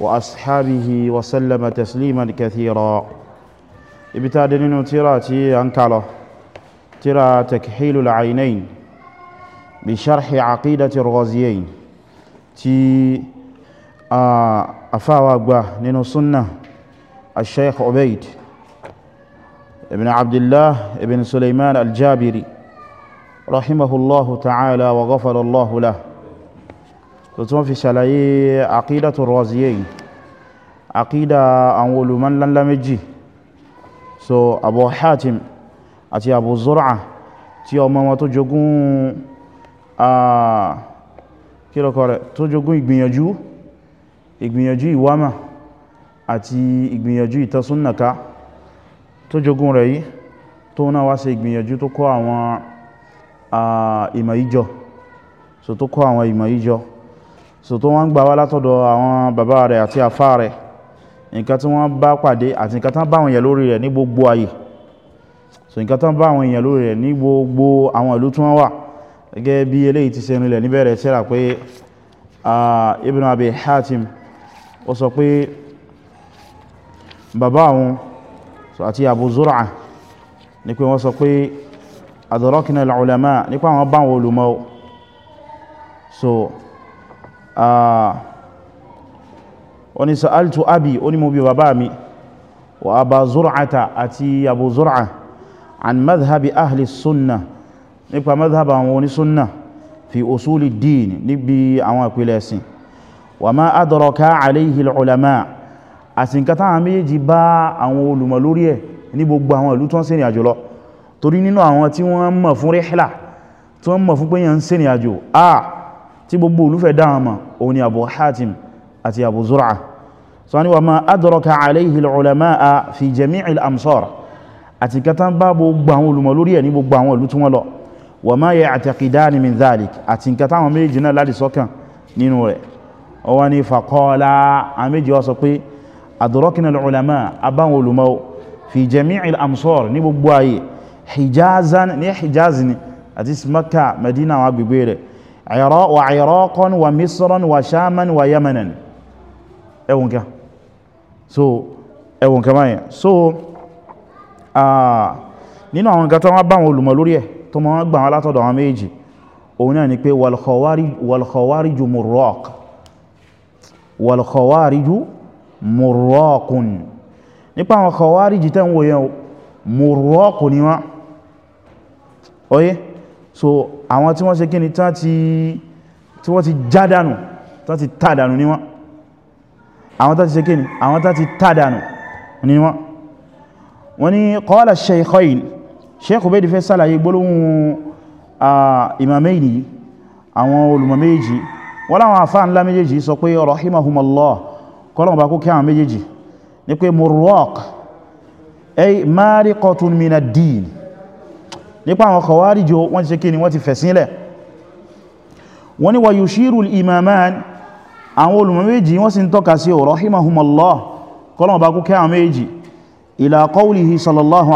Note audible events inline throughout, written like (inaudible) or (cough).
وأصحابه وسلم تسليما كثيرا ابتدنين تراتي أنكاله ترى تكحيل العينين بشرح عقيدة الغازيين تي آه، أفاوى أقبى نينو سنة الشيخ عبيد ابن عبد الله ابن سليمان الجابري رحمه الله تعالى وغفر الله له so tí wọ́n fi ṣàlàyé àkídàtu Raziyayn àkídà àwọn olùmọ̀ ńláńlá méjì so Abu Hatim àti Abu Zur'a tí ọmọ wọn tó jogún kílọ̀kọ̀ rẹ̀ tó jogún ìgbìyànjú ìgbìyànjú ìwámà àti ìgbìyànjú ìtasúnnàká tó jogún rẹ̀ yìí tó náà wá ṣe ìgbìyànjú tó kọ́ àwọn ìmọ̀ ìjọ so tó kọ́ àwọn ìmọ̀ ìjọ so tó wọ́n gbà wá látọ̀dọ̀ àwọn bàbá rẹ̀ àti àfá rẹ̀ nǹkan tí wọ́n bá pàdé àti nǹkan tán bá àwọn èèyàn lórí rẹ̀ ní gbogbo ayé so nǹkan tán bá àwọn èèyàn lórí rẹ̀ ní gbogbo àwọn ìlú tí wọ́n wà gẹ́gẹ́ bí eléyìí ti sẹ́nu ilẹ̀ níbẹ̀rẹ̀ tírà pé Ibn Abi Hatim ó sọ pé bàbá àwọn àti Abu Zur'a ní pé wọ́n sọ pé adrakna al nípa àwọn báwọn olùmọ̀ ó ní sa'altu abi ó ní mo bi bàbá mi wa Aba Zur'ata àti Abu Zur'a an madhhabi ahli sunna nípa madhhab àwọn oní sunna fi usuli din níbi àwọn ìpìlẹ̀ ẹ̀sìn wa ma adraka alayhi al-ulama àsìnkà táwọn méjì bá àwọn olùmọ̀ lórí ẹ̀ ní gbogbo àwọn ìlú tó ń ṣèrìn àjò lọ torí nínú àwọn tí wọ́n mọ̀ rihla tí wọ́n mọ̀ fún pé yẹn ń ah tí gbogbo olúfẹ́ dáhàmà òun ni abu hatim àti abu zura so ni wa ma adraka alayhi al-ulama fi jami'i al-amsar àti kata bá gbogbo àwọn olùmọ̀ lórí ẹ̀ ní gbogbo àwọn ìlú tí wọ́n lọ wa ma ya'taqidani min dhalik àti kata àwọn méjì náà láti sọ́kàn nínú rẹ̀ ó wá ní faqala àwọn méjì wá sọ pé adrakna al-ulama abáwọn olùmọ̀ fi jami'i amsar ní gbogbo ayé hijazan ní hijaz àti Makkah Madina àwọn agbègbè rẹ̀ wa iraqan wa misran wa shaman wa yamanan ẹwùn ká so ẹwùn ká báyẹn so nínú àwọn gata wọ́n bá wọn olùmọ̀ lórí ẹ̀ tó ma wọ́n gbà wọn látọ̀dọ̀ àwọn méjì òun náà ni pé wal khawariju murraq wal nípa àwọn khawariji tẹ́ ń wòye murraqun ni wọ́n oye so àwọn tí wọ́n ṣe kíni tí wọ́n ti jádànù tó ti tàdànù ní wọ́n àwọn tó ti ṣe kíni àwọn tó ti tàdànù ní wọ́n wọ́n ni qala shaykhayn Sheikh Ubayd fẹ́ sálàyé gbólóhùn imamaini àwọn olùmọ̀ méjì wọ́n láwọn àfáà ńlá méjèèjì sọ pé rahimahumallah kọlọ̀mọ̀bá nípa àwọn khawarij wọ́n ti ṣe kí ni wọ́n ti fẹ̀sílẹ̀ wọ́n ni wa yushiru al-imaman àwọn olùmọ̀ méjì wọ́n sì ń tọ́ka sí rahimahumallah kọlọ̀mọ̀ bá kúkẹ́ àwọn méjì ila qawlihi sallallahu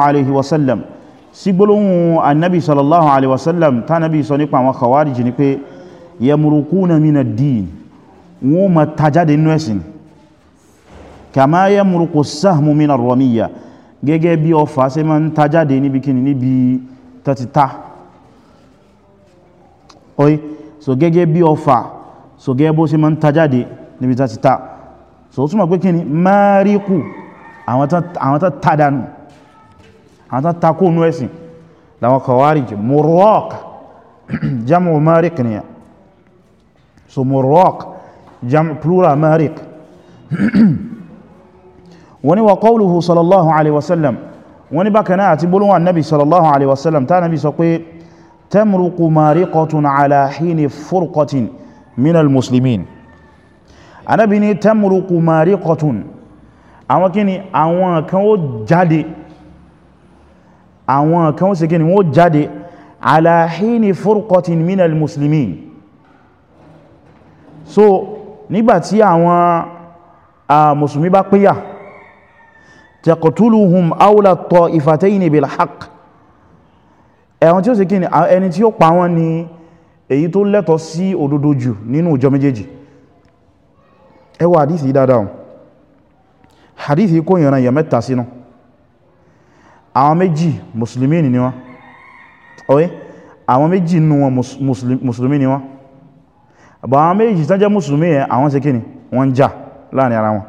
gẹ́gẹ́ bí ọfà sí ma ń tajade níbi kíni níbi tán ti ta oye so gẹ́gẹ́ bí ọfà so gẹ́gẹ́ bó ṣe ma ń ta jáde níbi tán ti ta so ó túnmọ̀ pé kí ni máríkù àwọn tán ta dànù àwọn tán ta kó nú ẹ̀sìn láwọn kọwàríjì murok jamu marik ni so murok jamu plural marik (clears throat) wani wa qawluhu sallallahu alaihi wasallam wọ́n ní bákanáà àti bólúwà nabi sallallahu alaihi wasallam ta nabi sọ pé tamruqu mariqatun ala hini furqatin minal muslimin anabi ni tamruqu mariqatun àwọn kíni àwọn kan ó jáde àwọn kan ó sì kíni wọ́n jáde ala hini furqatin minal muslimin so nígbàtí àwọn ah, musulmi bá píyà taqtuluhum awla ta'ifatayn bil haqq ẹ̀wọ̀n tí ó sì kíni ẹni tí ó pa wọ́n ni èyí tó lẹ́tọ̀ sí òdodo jù nínú ìjọ méjèèjì ẹ wo hadithi dáadáa hadithi kó yànà yà mẹ́ta sínú àwọn méjì mùsùlùmí ni wọ́n ọ̀wẹ́ àwọn méjì nù wọn mùsùlùmí ni wọ́n àbọ̀ àwọn méjì tán jẹ́ mùsùlùmí ẹ̀ àwọn ṣe kíni wọ́n ń jà láàrin ara wọn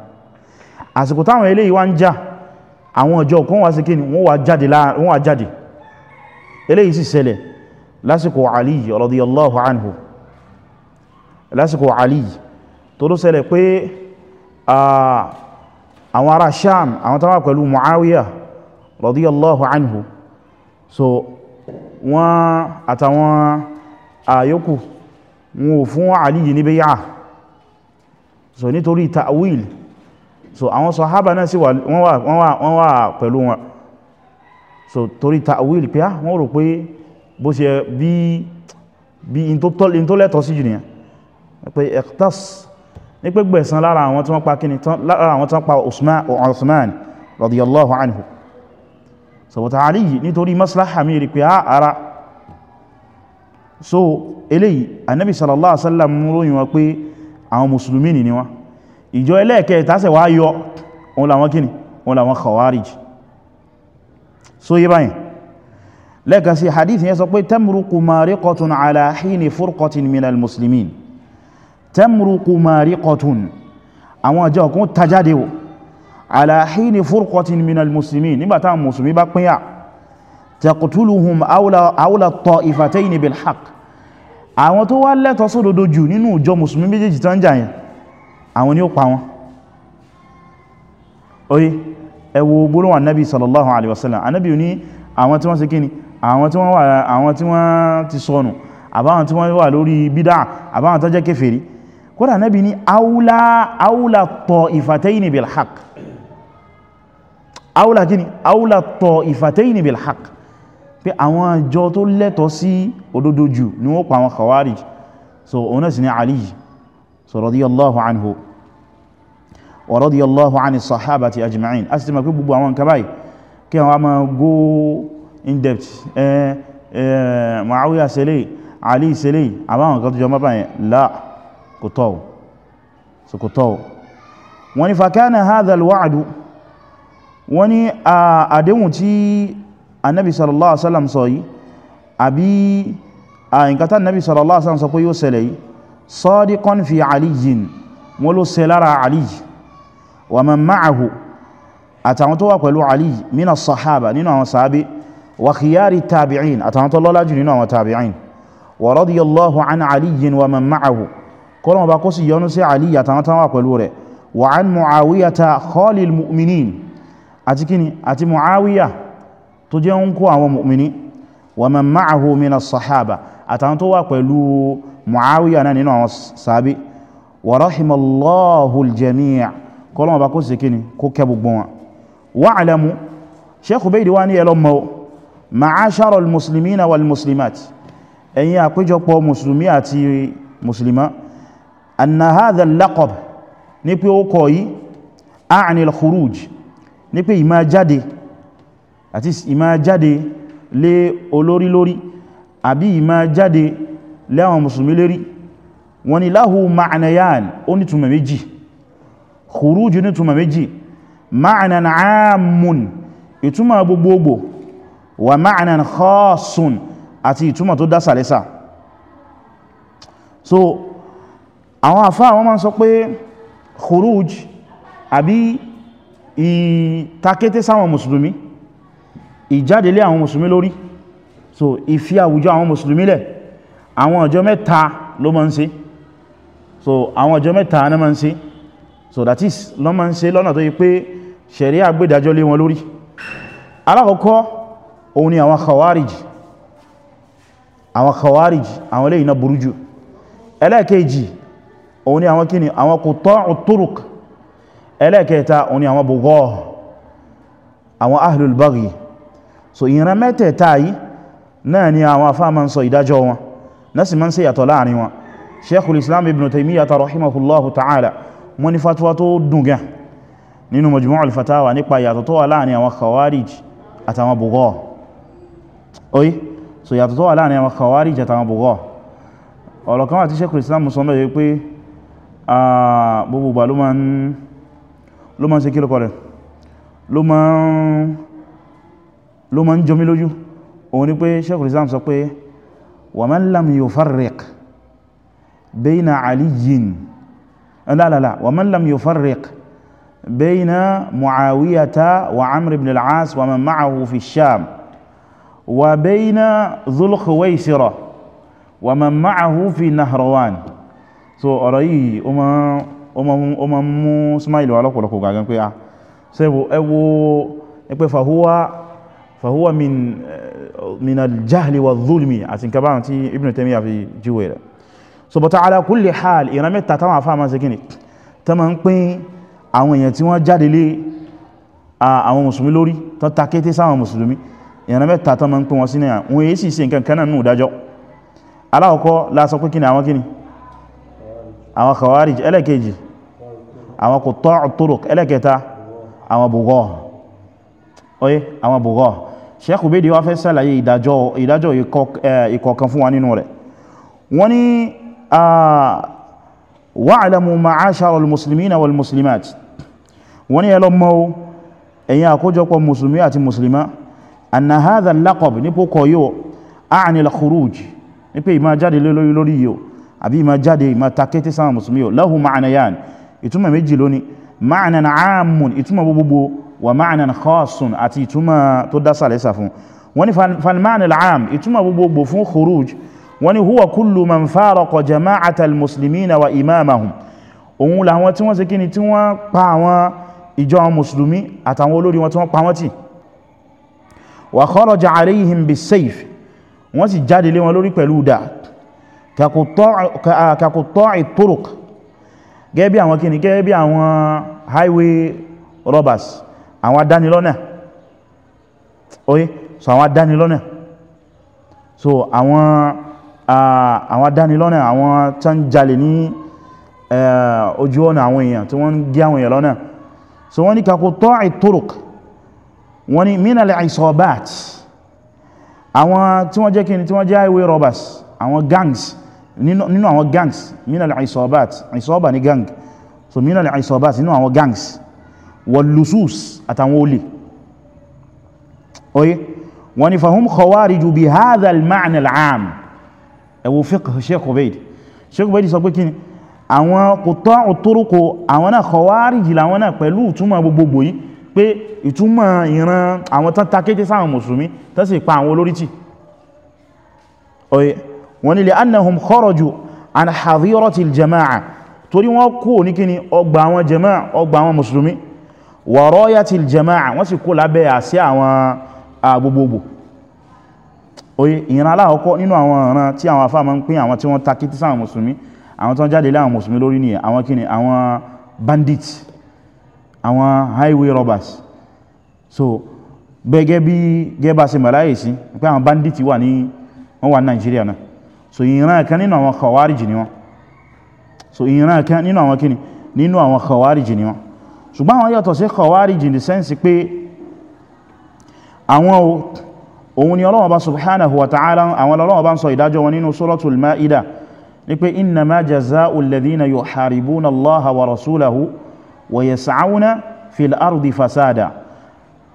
àsìkò táwọn eléyìí wá ń jà àwọn ọjọ́ kan wá sí kí ni wọ́n wá jáde wọ́n wá jáde eléyìí sì ṣẹlẹ̀ lásìkò Ali radiyallahu anhu lásìkò Ali tó ló ṣẹlẹ̀ pé àwọn ará Sham àwọn tánwà pẹ̀lú Muawiya radiyallahu anhu so wọ́n àtàwọn àyókù so àwọn sahaba náà sí wọ́n wà pẹ̀lú wọn so torí ta'wil pé á ah, wọ́n rò pé bó ṣe bí bí in tó lẹ́tọ̀ sí jù nìyàn pé ẹ̀ktas ní pé gbẹ̀san lára àwọn tí wọ́n pa kíni lára àwọn tí wọ́n pa Usman radiyallahu anhu sọ̀bọ̀ta aliyi nítorí maslaha mi rí pé á ah, ara so eléyìí annabi sallallahu alaihi wasallam ròyìn wọn pé àwọn musulmi ni wọn ìjọ ẹlẹ́ẹ̀kẹ́ ìtásẹ̀ wá yọ òun làwọn kíni òun làwọn khawarij so yí báyìí lẹ́ẹ̀kan sí hadith yẹn sọ pé tamruqu mariqatun ala hini furqatin minal muslimin tamruqu mariqatun àwọn àjọ ọkùn tajáde wò ala hini furqatin minal muslimin nígbàtà musulmi bá pínyà taqtuluhum awla ta'ifatayn bil àwọn tó wá lẹ́tọ̀ sódodo jù nínú ìjọ musulmi méjèèjì tán jàyàn àwọn ni ó pa wọn oye ẹwọ gbólówà nábi sallallahu alaihi wasallam anábi ní àwọn tí wọ́n ṣe kíni àwọn tí wọ́n wà àwọn tí wọ́n ti sọnù àbáwọn tí wọ́n wà lórí bídá àbáwọn tó jẹ́ kèfèrí kódà nábi ní aula aula ta'ifatayni bil aula kíni aula ta'ifatayni bil haqq pé àwọn àjọ tó lẹ́tọ̀ọ́ sí òdodo jù ni wọ́n pa àwọn khawarij so òun náà aliyu so radiyallahu anhu wa radiyallahu anil sahabati ajma'in a sì ti ma pé gbogbo àwọn nǹkan báyìí kí àwọn ma go in depth eh eh Muawiya sele Ali sele àbáwọn nǹkan tó jọ mọ́bà yẹn la kò tọ́ so kò tọ́ wọ́n ni fakana hadha alwa'du wọ́n ni àdéhùn tí annabi sallallahu alaihi wasallam sọ yìí àbí sadiqan fi aliyin wọ́n ló ṣe lára aliyi wa man ma'ahu àtàwọn tó wà pẹ̀lú aliyi mina sahaba nínú àwọn sahabi wa khiyari tabi'in àtàwọn tó lọ́lá jù nínú àwọn tabi'in wa radiyallahu an aliyin wa man ma'ahu kọ́lọ̀ bá kó sì yọ́nú sí aliyi àtàwọn tó wà pẹ̀lú rẹ̀ wa an muawiyata khalil mu'minin àti kíni àti muawiya tó jẹ́ ń kó àwọn mu'mini wa man ma'ahu mina sahaba àtàwọn tó wà pẹ̀lú muawiya náà nínú àwọn sàábí wa rahimallahu al-jami' kọlọ́wọ́ bá kó sì kí ni kó kẹ gbogbo wọn wa'lamu Sheikh Ubaydi wá ní ẹlọ́mọ ma'ashara al-muslimina wal-muslimat ẹ̀yin àpéjọpọ̀ musulmi àti musulma anna hadha al-laqab ní pé ó kọ̀ yí a'ni al-khuruj ní pé ìmá jáde àti ìmá jáde lé olórí lórí àbí ìmá jáde láwọn musulmi lérí wọn ni láhù ma'anayan ó ní túnmà méjì khuruju ní túnmà méjì ma'anan amun ìtúnmà gbogbogbò wa ma'anan khasun àti ìtúnmà tó dásàlẹ́sà so àwọn àfá àwọn máa sọ pé khuruj àbí ìtakété sáwọn musulmi ìjádelé àwọn musulmi lórí so ìfi àwùjọ àwọn musulmi lẹ̀ àwọn ọjọ́ mẹ́ta ló máa ń ṣe so àwọn ọjọ́ mẹ́ta náà máa ń ṣe so that is lọ máa ń ṣe lọ́nà tó yí pé ṣẹ̀rí àgbédájọ́ lé wọn lórí alákọ̀ọ́kọ́ òun ni àwọn khawarij àwọn khawarij àwọn lè iná burú jù ẹlẹ́ẹ̀kejì òun ni àwọn kíni àwọn quta'u turuq ẹlẹ́ẹ̀kẹta òun ni àwọn bugọ́ àwọn ahlul so ìran mẹ́tẹ̀ẹ̀ta yìí náà ni àwọn afá máa ń sọ ìdájọ́ wọn nasi man ṣe yàtọ̀ láàrin wọn sheikhul islam ibn taimiyyata rahimahullahu ta'ala wọ́n ní fatuwa tó dunga nínú majmu'ul fatawa nípa yàtọ̀ tó wà láàrin àwọn khawarij àtàwọn bugọ́ oye so yàtọ̀ tó wà láàrin àwọn khawarij àtàwọn bugọ́ ọ̀rọ̀ kan wà tí sheikhul islam sọ mẹ́rin pé gbogbo gbà òun ni pé sheikhul islam sọ pé ومن لم يفرق بين علي لا لا لا ومن لم يفرق بين معاوية وعمر بن العاص ومن معه في الشام وبين ذو الخويسرة ومن معه في نهروان so ọ̀rọ̀ yìí o ma ń mú smile wà gàgán pé a ṣe ẹwọ ẹgbẹ́ fahuwa min minal jahli wa dhulmi àti nǹkan báwọn tí Ibn Taymiyyah fi jíwẹ̀ rẹ̀ so bọ̀ta ala kulli hal ìran mẹ́ta táwọn afá ma ṣe kíni tó ma ń pín àwọn èèyàn tí wọ́n jáde lé àwọn mùsùlùmí lórí tó takété sáwọn mùsùlùmí ìran mẹ́ta tó ma ń pín wọn sínú àwọn èyí sì ṣe nǹkan kan náà nù dájọ́ alákọ̀ọ́kọ́ la pé kíni àwọn kíni àwọn khawarij ẹlẹ́kejì àwọn qutta' turuq ẹlẹ́kẹta àwọn bùgọ́ Sheikh Ubaydi wá fẹ́ sàlàyé ìdájọ́ ìkọ̀ọ̀kan eh, fún wa nínú rẹ̀ wọ́n ni ah, wa'lamu ma'ashara al-muslimina wal-muslimat wọ́n ni ẹlọ mọ́ ẹ̀yin àkójọpọ̀ musulmi àti musulma anna hadha al-laqab nípò kọ̀yọ́ a'ni al-khuruj nípé ìmá jáde lórí lórí yíò àbí ìmá jáde ìmá takété sáwọn musulmi yíò lahu ma'nayan ìtumọ̀ méjì lóní ma'nan 'amun ìtumọ̀ gbogbo wa ma'nan khasun àti ìtumọ̀ tó dásà lẹ́sà fún wọ́n ni falma'na al'am ìtumọ̀ gbogbogbò fún khuruj wọ́n ni huwa kullu man faraqa jama'atal muslimina wa imamahum òun làwọn tí wọ́n ṣe kíni tí wọ́n pa àwọn ìjọ musulmi àtàwọn olórí wọn tí wọ́n pa wọ́n tì wa kharaja alayhim bis-sayf wọ́n sì jáde lé wọn lórí pẹ̀lú dà ka qutta'i àwọn kíni gẹ́gẹ́ àwọn highway robbers àwọn adánilọ́nà oye so àwọn adánilọ́nà so àwọn àwọn adánilọ́nà àwọn tó ń jalè ní ojú ọ̀nà àwọn èèyàn tí wọ́n ń gé àwọn èèyàn lọ́nà so wọ́n ní kakò tọ́ àìtòrùk wọ́n ní mínàlẹ̀ àìsọ̀bát àwọn tí wọ́n jẹ́ kí ni tí wọ́n jẹ́ highway robbers àwọn gangs nínú àwọn gangs mínàlẹ̀ àìsọ̀bát àìsọ̀bá ní gang so mínàlẹ̀ àìsọ̀bát nínú àwọn gangs wal-lusus àtàwọn olè oye wọ́n ni fahum khawariju bi hadha al-ma'na al-'am ẹwọ fiqh Sheikh Ubaid Sheikh Ubaid sọ pé kí ni àwọn quta'u turuqu àwọn náà khawariji láwọn náà pẹ̀lú ìtumọ̀ gbogbogbò yìí pé ìtumọ̀ ìran àwọn tán takété sáwọn mùsùlùmí tán sì pa àwọn olórítì oye wọ́n ni annahum kharaju an hadhirati jamaa torí wọ́n kú ní kíni ọgbà àwọn jama'a ọgbà àwọn mùsùlùmí wa rayatil jama'a wọ́n sì kó lábẹ́ àsí àwọn agbogbogbò oye ìran aláhọ́kọ́ nínú àwọn ọ̀ràn tí àwọn afá ma ń pín àwọn tí wọ́n takítí sáwọn mùsùlùmí àwọn tó jáde láwọn mùsùlùmí lórí ni àwọn kíni àwọn bandits àwọn highway robbers so bẹ́gẹ́ bí gẹ́bà sí màláyé sí pé àwọn bandits wà ní wọ́n wà ní náà so ìran kan nínú àwọn khawarij ni wọ́n so ìran kan nínú àwọn kíni nínú àwọn khawarij ni wọ́n ṣùgbọ́n àwọn yàtọ̀ sí khawarij in the sense pé àwọn òun ni Ọlọ́hun Ọba subhanahu wa ta'ala àwọn Ọlọ́hun Ọba ń sọ ìdájọ́ wọn nínú suratul ma'ida ní pé innama jaza'u alladhina yuharibuna allaha wa rasulahu wa yas'auna fil ardi fasada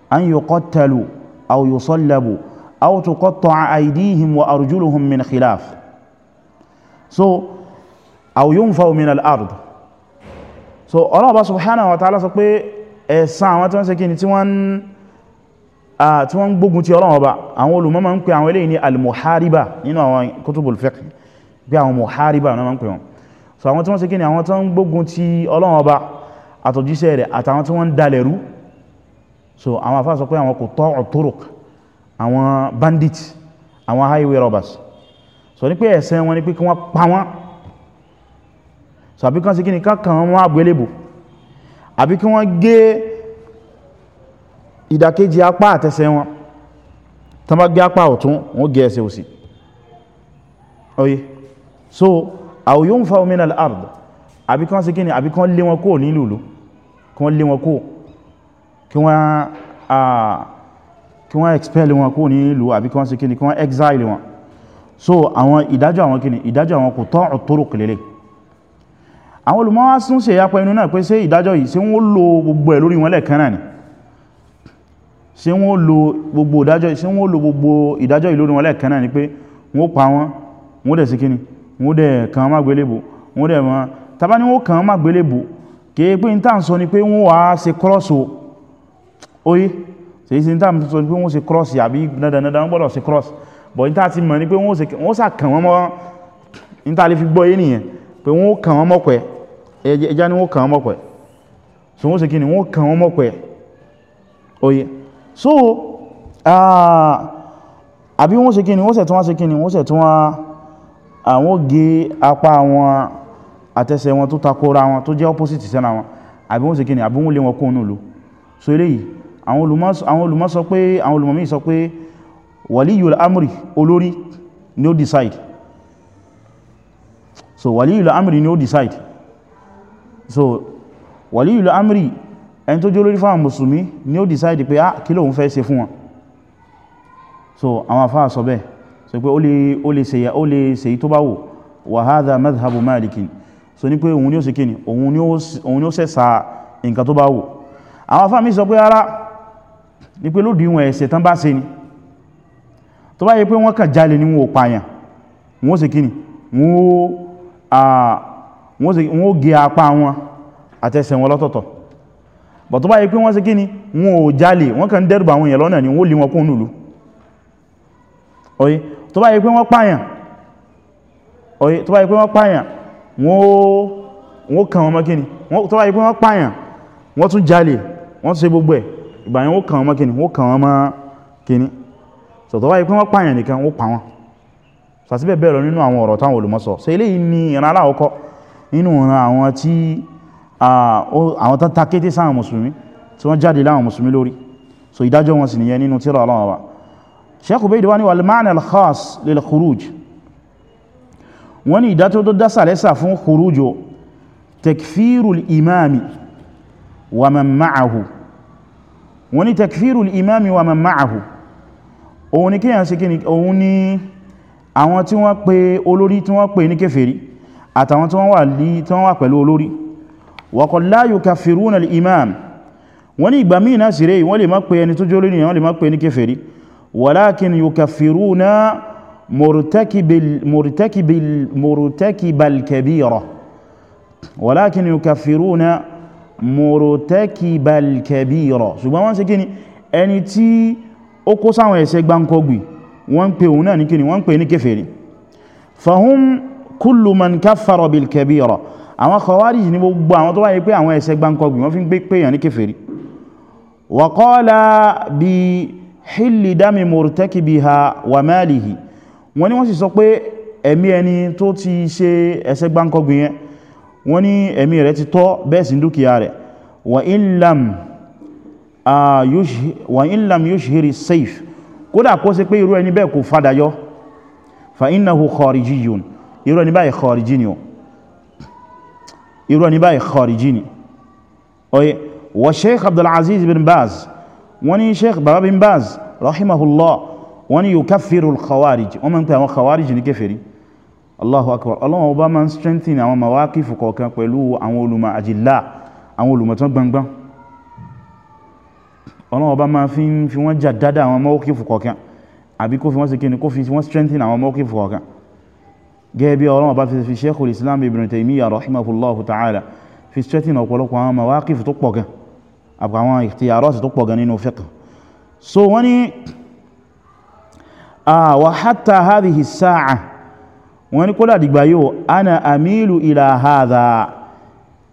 an yuqattalu aw yusallabu aw tuqatta'a aydihim wa arjuluhum min khilaf so aw yunfaw min al so Ọlọ́run Ọba subhanahu wa ta'ala sọ pé ẹ̀san àwọn tí wọ́n ṣe kíni tí wọ́n gbógun ti Ọlọ́run Ọba àwọn olùmọ̀ máa ń pè àwọn eléyìí ní al-muhariba nínú àwọn kutubul fiqh so àwọn tí wọ́n ṣe kíni àwọn tí wọ́n gbógun ti Ọlọ́run Ọba àtọ̀jíṣẹ́ rẹ̀ so àwọn afá sọ pé àwọn kò tọ́ ọ̀tọ́rọ̀k àwọn highway robbers so ní pé ẹ̀san wọn so àbí kan sí kí ni kákan wọn àgbélébù àbí kí wọ́n gé ìdàkejì apá àtẹsẹ̀ wọn tán bá gé apá ọ̀tún wọ́n gé ẹsẹ̀ òsì oye so aw yunfaw min al-ard àbí kan sí kí ni àbí kan lé wọn kó nílùú lò kí wọ́n lé wọn kó kí wọ́n expel wọn kó nílùú àbí kí sí kí ni kí wọ́n exile wọn so àwọn ìdájọ́ àwọn kí ni ìdájọ́ àwọn kò tọ́ ọ̀tọ́rọ̀ kìlẹ̀lẹ̀ àwọn olùmọ́wá sún sí ẹ̀yàpọ̀ inú náà pé ṣé ìdájọ́ yìí ṣé wọ́n lo gbogbo ẹ̀ lórí wọn lẹ́ẹ̀kan náà ni ṣé wọ́n lo gbogbo ìdájọ́ yìí ṣé wọ́n lo gbogbo ìdájọ́ lórí wọn lẹ́ẹ̀kan náà ni pé wọ́n pa wọ́n wọ́n dẹ̀ sí kíni wọ́n dẹ̀ kàn má gbélébò wọ́n dẹ̀ mọ́ tàbá ni wọ́n kàn án má gbélébò kìí pé ní tàà sọ ni pé wọ́n wàá ṣe kírọ́ọ̀sì oyé ṣèyí sí ní tàà sọ ni pé wọ́n ṣe kírọ́ọ̀sì àbí dandandandan wọ́n gbọ́dọ̀ ṣe kírọ́ọ̀sì bọ̀ ní tàà ti mọ̀ ni pé wọ́n sà kàn wọ́n mọ́ ní tàà lè fi gbọ́ yé nìyẹn pé wọ́n kàn wọ́n mọ́ pẹ́ ẹjá ni wọ́n kàn mọ́pẹ̀ so wọ́n ṣe kí ni wọ́n kàn wọ́n mọ́pẹ̀ oye so ah, àbí wọ́n ṣe kí ni wọ́n ṣe wá ṣe kí ni wọ́n ṣe wá àwọn gé apá wọn àtẹsẹ̀ wọn tó takora wọn tó jẹ́ opposite sẹ́ra wọn àbí wọ́n ṣe kí ni àbí wọ́n lé wọn kóònù lò so eléyìí àwọn àwọn olùmọ̀ sọ pé so wàlí ìlú amri ẹni tó jó lórí fáwọn mùsùlùmí ni ó decide pé ah kí lóun fẹ́ ṣe fún wọn so àwọn afá sọ bẹ́ẹ̀ so pé ó lè ṣèyà ó lè ṣèyí tó bá wò wa hadha madhhabu malikin so ní pé òun ni ó ṣe kíni òun ni ó sa nǹkan tó bá wò àwọn afá mi sọ pé ara ní pé lódì ìwọ̀n ẹ̀ṣẹ̀ tán bá ṣe ni tó bá yẹ pé wọ́n kàn jalè ní wọn ò pààyàn wọ́n ó ṣe kíni wọ́n ó wọ́n ó gé apá wọn àtẹsẹ̀ wọn lọ́tọ̀ọ̀tọ̀ bọ̀ tó bá yẹ pé wọ́n ṣe kí ni wọ́n ò jalè wọ́n kàn dẹ́rùbà àwọn èèyàn lọ́nà ni wọ́n lè wọn kún nùlú oye tó bá yẹ pé wọ́n pààyàn oye tó bá yẹ pé wọ́n pààyàn wọ́n kàn wọn mọ́kíni tó bá yẹ pé wọ́n pààyàn so tó bá yẹ pé wọ́n pààyàn nìkan wọ́n pa wọn sàtíbẹ̀ bẹ́ẹ̀ lọ nínú àwọn ọ̀rọ̀ táwọn olùmọ̀ sọ so eléyìí ni ìran aláwọ̀kọ́ nínú ọ̀ràn àwọn tí àwọn tán takété sáwọn musulmi tí wọ́n jáde láwọn musulmi lórí so ìdájọ́ wọn sì nìyẹn nínú tírà Ọlọ́run wa Shaykh Ubayd wá ní wal ma'na al khas lil khuruj wọ́n ní ìdájọ́ tó dásà lẹ́sà fún khurujo takfirul imami wa man ma'ahu wọ́n ní takfirul imami wa ni àwọn tí wọ́n pe olórí tí wọ́n pe ní kèfèrí àtàwọn tí wọ́n wà pẹ̀lú olórí wọ́kọ̀ la yukaffiruna al-imam wọ́n ní ìgbà míì náà sí rẹ̀ wọ́n lè má pè ẹni tó jórí nìyàn wọ́n lè má pè ní kèfèrí walakin yukaffiruna murtakibal kabira walakin yukaffiruna murtakibal kabira kullu man kaffara bil kabira àwọn khawarij ní gbogbo àwọn tó wáyé pé àwọn ẹ̀ṣẹ̀ gbáǹkọgbì wọ́n fi ń gbé pé èyàn ní kèfèrí wa qala bi hilli dami murtakibiha wa malihi wọ́n ní wọ́n sì sọ pé ẹ̀mí ẹni tó ti ṣe ẹ̀ṣẹ̀ gbáǹkọgbì yẹn wọ́n ní fa innahu kharijiyyun irú ẹni báyìí khariji ni o irú ẹni báyìí khariji ni oye wa sheikh abdulaziz bin baz wọ́n ní sheikh baba bin baz rahimahullah wọ́n ní yukaffiru al-khawarij wọ́n máa ń pè àwọn khawarij ní kèfèrí allahu akbar ọlọ́wọ́ bá máa ń strengthen àwọn mawakifu kọ̀ọ̀kan pẹ̀lú àwọn olùmọ̀ àjìlá àwọn olùmọ̀ tán gbangban gẹ́gẹ́ bí ọlọ́wọ́ bá fi Sheikhul Islam Ibn Taymiyyah rahimahullahu ta'ala fi straighten ọ̀pọ̀lọpọ̀ àwọn mawaqif tó pọ̀ gan àpàwọn ikhtiyarat tó pọ̀ gan nínú fiqh so wọ́n ni ah, wa hatta hadhihi as-sa'a wọ́n ni kódà dìgbà yóò ana amilu ila hadha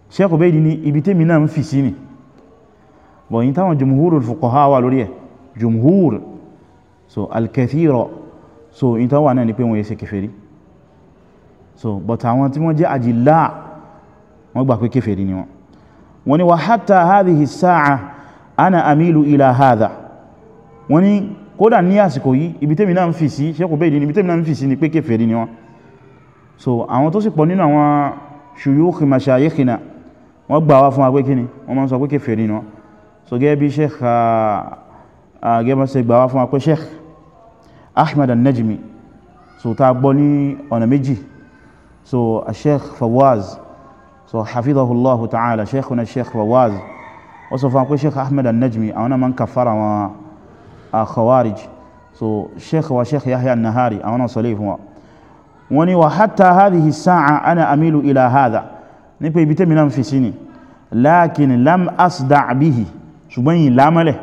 Sheikh Ubaydi ni ibi tèmi náà ń fi sí ni bọ̀ so but àwọn tí wọ́n jẹ́ àjìlá wọ́n gbà pé kéfèrí ni wọ́n wọ́n ni wà hátà hadhihi sáà ana amilu ila hadha wọ́n ni kódà ní àsìkò yìí ibi tèmi náà ń fi sí ṣẹ́kù bẹ́ẹ̀ ni ibi tèmi náà ń fi sí ni pé kéfèrí ni wọ́n so àwọn tó sì pọ̀ nínú àwọn shuyukh mashayikhina wọ́n gbà wá fún wa pé kíni ni So Sheikh Fawaz, so hafidhahullahu ta'ala, Sheikhuna Sheikh Fawaz, wọ́n sọ fún akpé Sheikh Ahmed al-Najmi, àwọn náà máa ń kàfàrà wọn a Khawarij. So Sheikh wa Sheikh Yahya al-Nahari, àwọn náà sọlé fún wa. Wọ́n ni wa hatta hadhihi sa'a ana amilu ila hadha, ní pé ibi tẹ́mi náà lakin lam asda' bihi, ṣùgbọ́n lamale. lámọ́lẹ̀.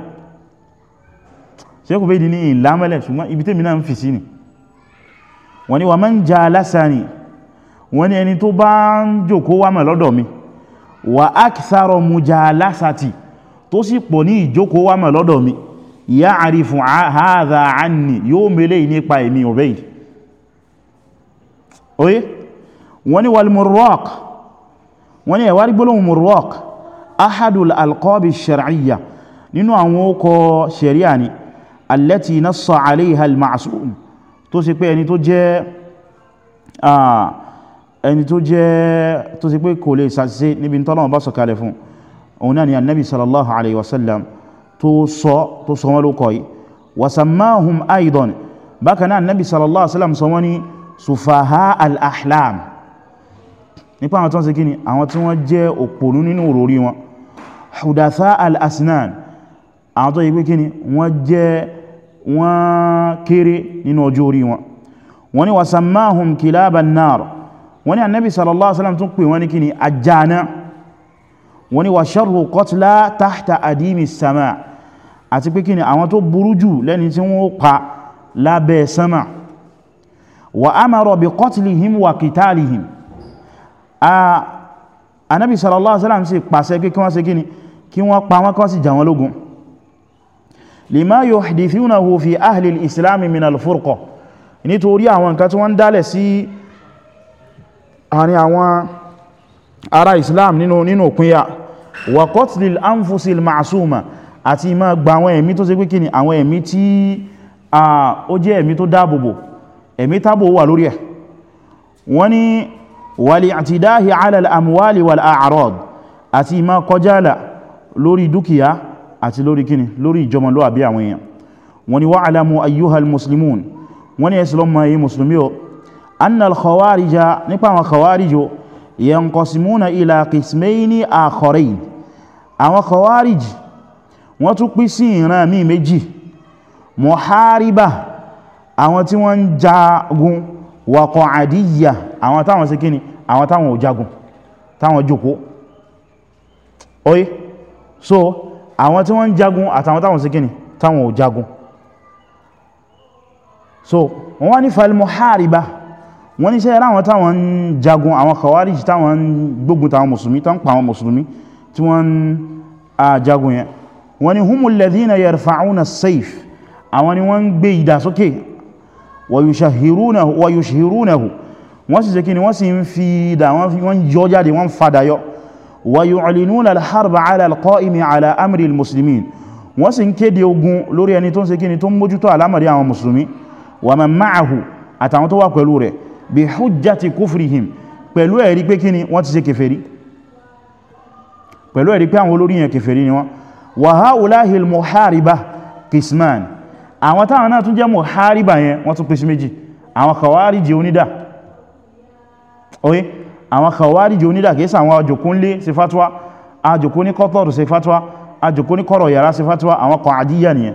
Sheikh Ubaydi ní yìí lámọ́lẹ̀, ṣùgbọ́n ibi tẹ́mi náà fi sí ni. yii lamole sugbon ibi temi naa fi man jalasani, wọ́n ní ẹni tó bá ń jòkó wá mọ̀ lọ́dọ̀ mi wà ákìsàrọ̀ mujalasati tó sì pọ̀ ní ìjókó wá mọ̀ lọ́dọ̀ mi ya àrífún hadha anni yóò mẹ́lẹ̀ nípa èmi Ubayd oye wọ́n ní wal murraq wọ́n ni allati nassa alaiha ẹni tó jẹ́ tó sì pé kò lè sàṣẹ́ níbi tọ́lọ́wọ́n bá sọ̀kalẹ̀ fún òun náà ni annabi sallallahu alaihi wasallam tó sọ tó sọ wọn ló kọ̀ yìí wasammahum aidan bákan náà annabi sallallahu alaihi wasallam sọ wọn ni sufaha al-ahlam nípa àwọn tó ń ṣe kíni àwọn tí wọ́n jẹ́ òpònú nínú òrórí wọn hudatha al àwọn tó yí pé kíni wọ́n jẹ́ wọ́n kéré nínú ọjọ́ orí wọn wọ́n ni wasammahum kilaban nar wọ́n ní annabi sallallahu alaihi wasallam tún pè wọ́n ní kíni ajana wọ́n ní wa sharru qatla tahta adimi sama àti pé kíni àwọn tó burú jù lẹ́ni tí wọ́n pa lábẹ́ sama wa amara bi qatlihim wa qitalihim a annabi sallallahu alaihi sì pàṣẹ pé kí wọ́n ṣe kíni kí wọ́n pa àárín àwọn ará islam nínú nínú òpinya wa qatlil anfusil ma'suma àti ma gba àwọn ẹ̀mí tó ṣe pé kíni àwọn ẹ̀mí tí ó jẹ́ ẹ̀mí tó dáàbòbò ẹ̀mí tábò wà lórí ẹ̀ wọ́n ni wal-i'tidahi 'ala al-amwali wal-a'rad àti ma kọjáàlà lórí dúkìá àti lórí kíni lórí ìjọmọlúwàbí àwọn èèyàn wọ́n ni wa'lamu ayyuhal muslimun wọ́n ni ẹ̀sìlọ́mọ̀ yí musulmi o annal khawarija nípa àwọn khawarijo yanqasimuna ila qismayni akharayn àwọn khawarij wọ́n tún pín sí ìran mi méjì muhariba àwọn tí wọ́n jagun wa qa'adiyya àwọn táwọn ṣe kíni àwọn táwọn ò jagun táwọn jókòó oye so àwọn tí wọ́n jagun àtàwọn táwọn ṣe kíni táwọn ò jagun so wọ́n wá ní fal muhariba wọ́n ní sẹ́yẹ́ láwọn táwọn ń jagun àwọn khawarij táwọn ń gbógun táwọn mùsùlùmí tán pa àwọn mùsùlùmí tí wọ́n ń jagun yẹn wọ́n ní humul ladhina yarfa'una as-sayf àwọn ni wọ́n ń gbé ìdà sókè wọ́n sì sẹ́kí wọ́n sì ń fi ìdà bí hujjati kufrihim pẹ̀lú ẹ̀rí pé kíni wọ́n ti ṣe kèfèrí pẹ̀lú ẹ̀rí pé àwọn olórí yẹn kèfèrí ni wọ́n wa haulahi al-muhariba qisman àwọn táwọn náà tún jẹ́ muhariba yẹn wọ́n tún pèsè méjì àwọn khawarij onídà oye àwọn khawarij onídà kìí sàwọn àjòkúnlé ṣe fatwa àjòkúní kọ́tọ̀rù ṣe fatwa àjòkúní kọ́rọ̀ yàrá ṣe fatwa àwọn kọ̀ádíyà nìyẹn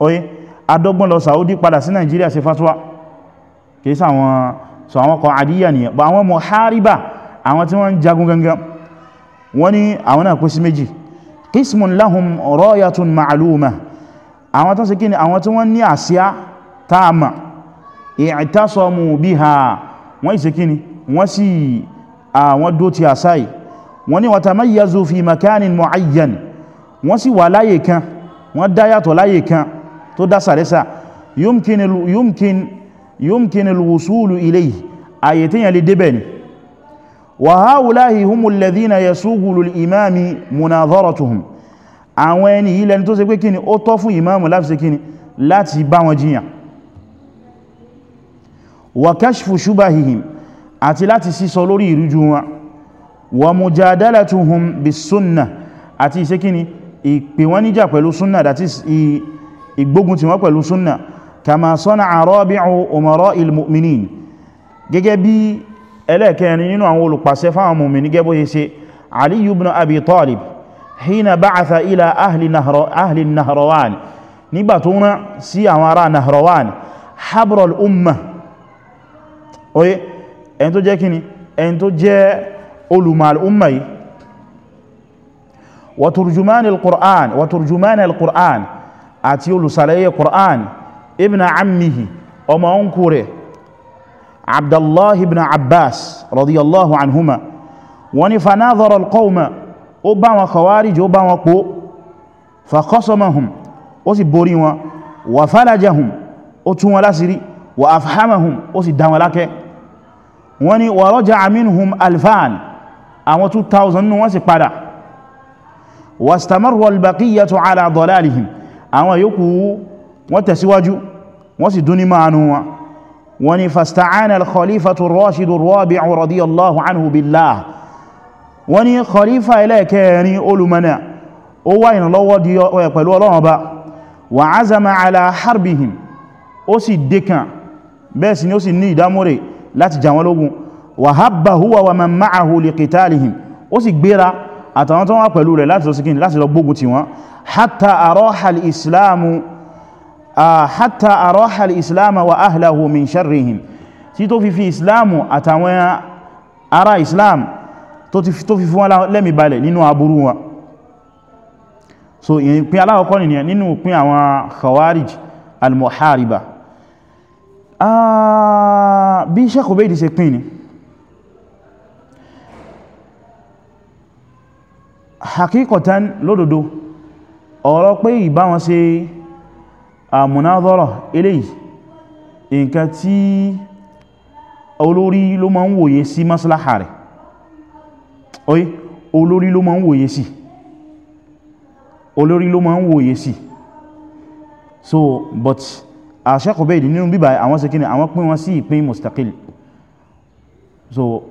oye adọ́gbọ́n lọ Saudi padà sí Nàìjíríà ṣe fatwa kìí sáwọn so àwọn kan àdíyà ni bá àwọn muhariba àwọn tí wọ́n jagun gangan wọ́n ní àwọn náà kó sí méjì qismun lahum rayatun ma'luma àwọn tán sí kí ni àwọn tí wọ́n ní àsíá tààmà i'tasamu biha wọ́n ìsẹ́ kí ni wọ́n sì àwọn dó ti àsáì wọ́n ní wa tamayyazu fi makanin mu'ayyan wọ́n sì wà láyé kan wọ́n dáyàtọ̀ láyé kan tó dá sàrẹ́sà yumkin يمكن الوصول إليه آيتين لدبني وهؤلاء هم الذين يسوغ للإمام مناظرتهم àwọn yìí lẹni tó ṣe pé kíni ó tọ́ fún ìmáàmù láti ṣe kíni láti bá wọn jiyàn wa kashfu shubahihim àti láti sísọ lórí ìrújú wọn wa mujadalatuhum bis sunnah àti ìṣe ìpè wọn níjà pẹ̀lú sunnah kama sọ́nà rabi'u umara il-mu'minin gẹ́gẹ́ bí ẹlẹ́kẹrin nínú àwọn olùpàṣẹ fáwọn mu'mini gẹ́bọ́ yẹ ṣe ali ibn abi talib hina ba'atha ila ahli nahrawan nígbà tó rán sí àwọn ará nahrawan habrol umma oye ẹni tó jẹ́ kíni ẹni tó jẹ́ olùmọ̀al umma yìí wa turjuman àti olùsàlẹ̀yẹ qur'an ibn ammihi ọmọ ọkù rẹ̀ abdullahi ibn abbas radiyallahu anhuma wọ́n ni fanadhara alqawma ó bá wọn khawarij ó bá wọn pọ̀ faqasamahum ó sì borí wọn wa falajahum ó tú wọn lásìrí wa afhamahum ó sì dá wọn lákẹ́ wọ́n ni wa raja'a minhum àwọn 2000 nù wọ́n sì padà wastamarra albaqiyyatu ala dalalihim àwọn yòókù wọ́n tẹ̀síwájú wọ́n sì dún ní máànú wọn wọ́n ni fasta'ana al-khalifatu rashidu rabi'u radiyallahu anhu billah wọ́n ni khalifa ẹlẹ́kẹrin olùmọ̀nà ó wá ìrànlọ́wọ́ di pẹ̀lú Ọlọ́run Ọba wa azama ala harbihim ó sì dẹ́kan bẹ́ẹ̀ sì ni ó sì ní ìdámọ́rẹ̀ láti jà wọn lógun wa Ah, hatta araha al-islam wa ahlahu min sharrihim tí tó fi fi islamu àtàwọn ará islam tó fi fún lẹ́mì balẹ̀ nínú aburú wọn so ìpín alákọ̀ọ́kọ́ nìyàn nínú ìpín àwọn khawarij al-muhariba ah, bí Sheikh Ubaydi ṣe pín ni hakikatan lódodo ọ̀rọ̀ pé ìbá wọn ṣe àmúnádọ́rọ̀ eléyìí nǹkan tí olórí ló ma ń wòye sí maslaha rẹ̀ oye olórí ló ma ń wòye sí olórí ló ma ń wòye sí so but àṣẹ́kọ̀bẹ̀ ìdí nínú bíbá àwọn sekínì àwọn pín wọn sí ìpín mustaqil so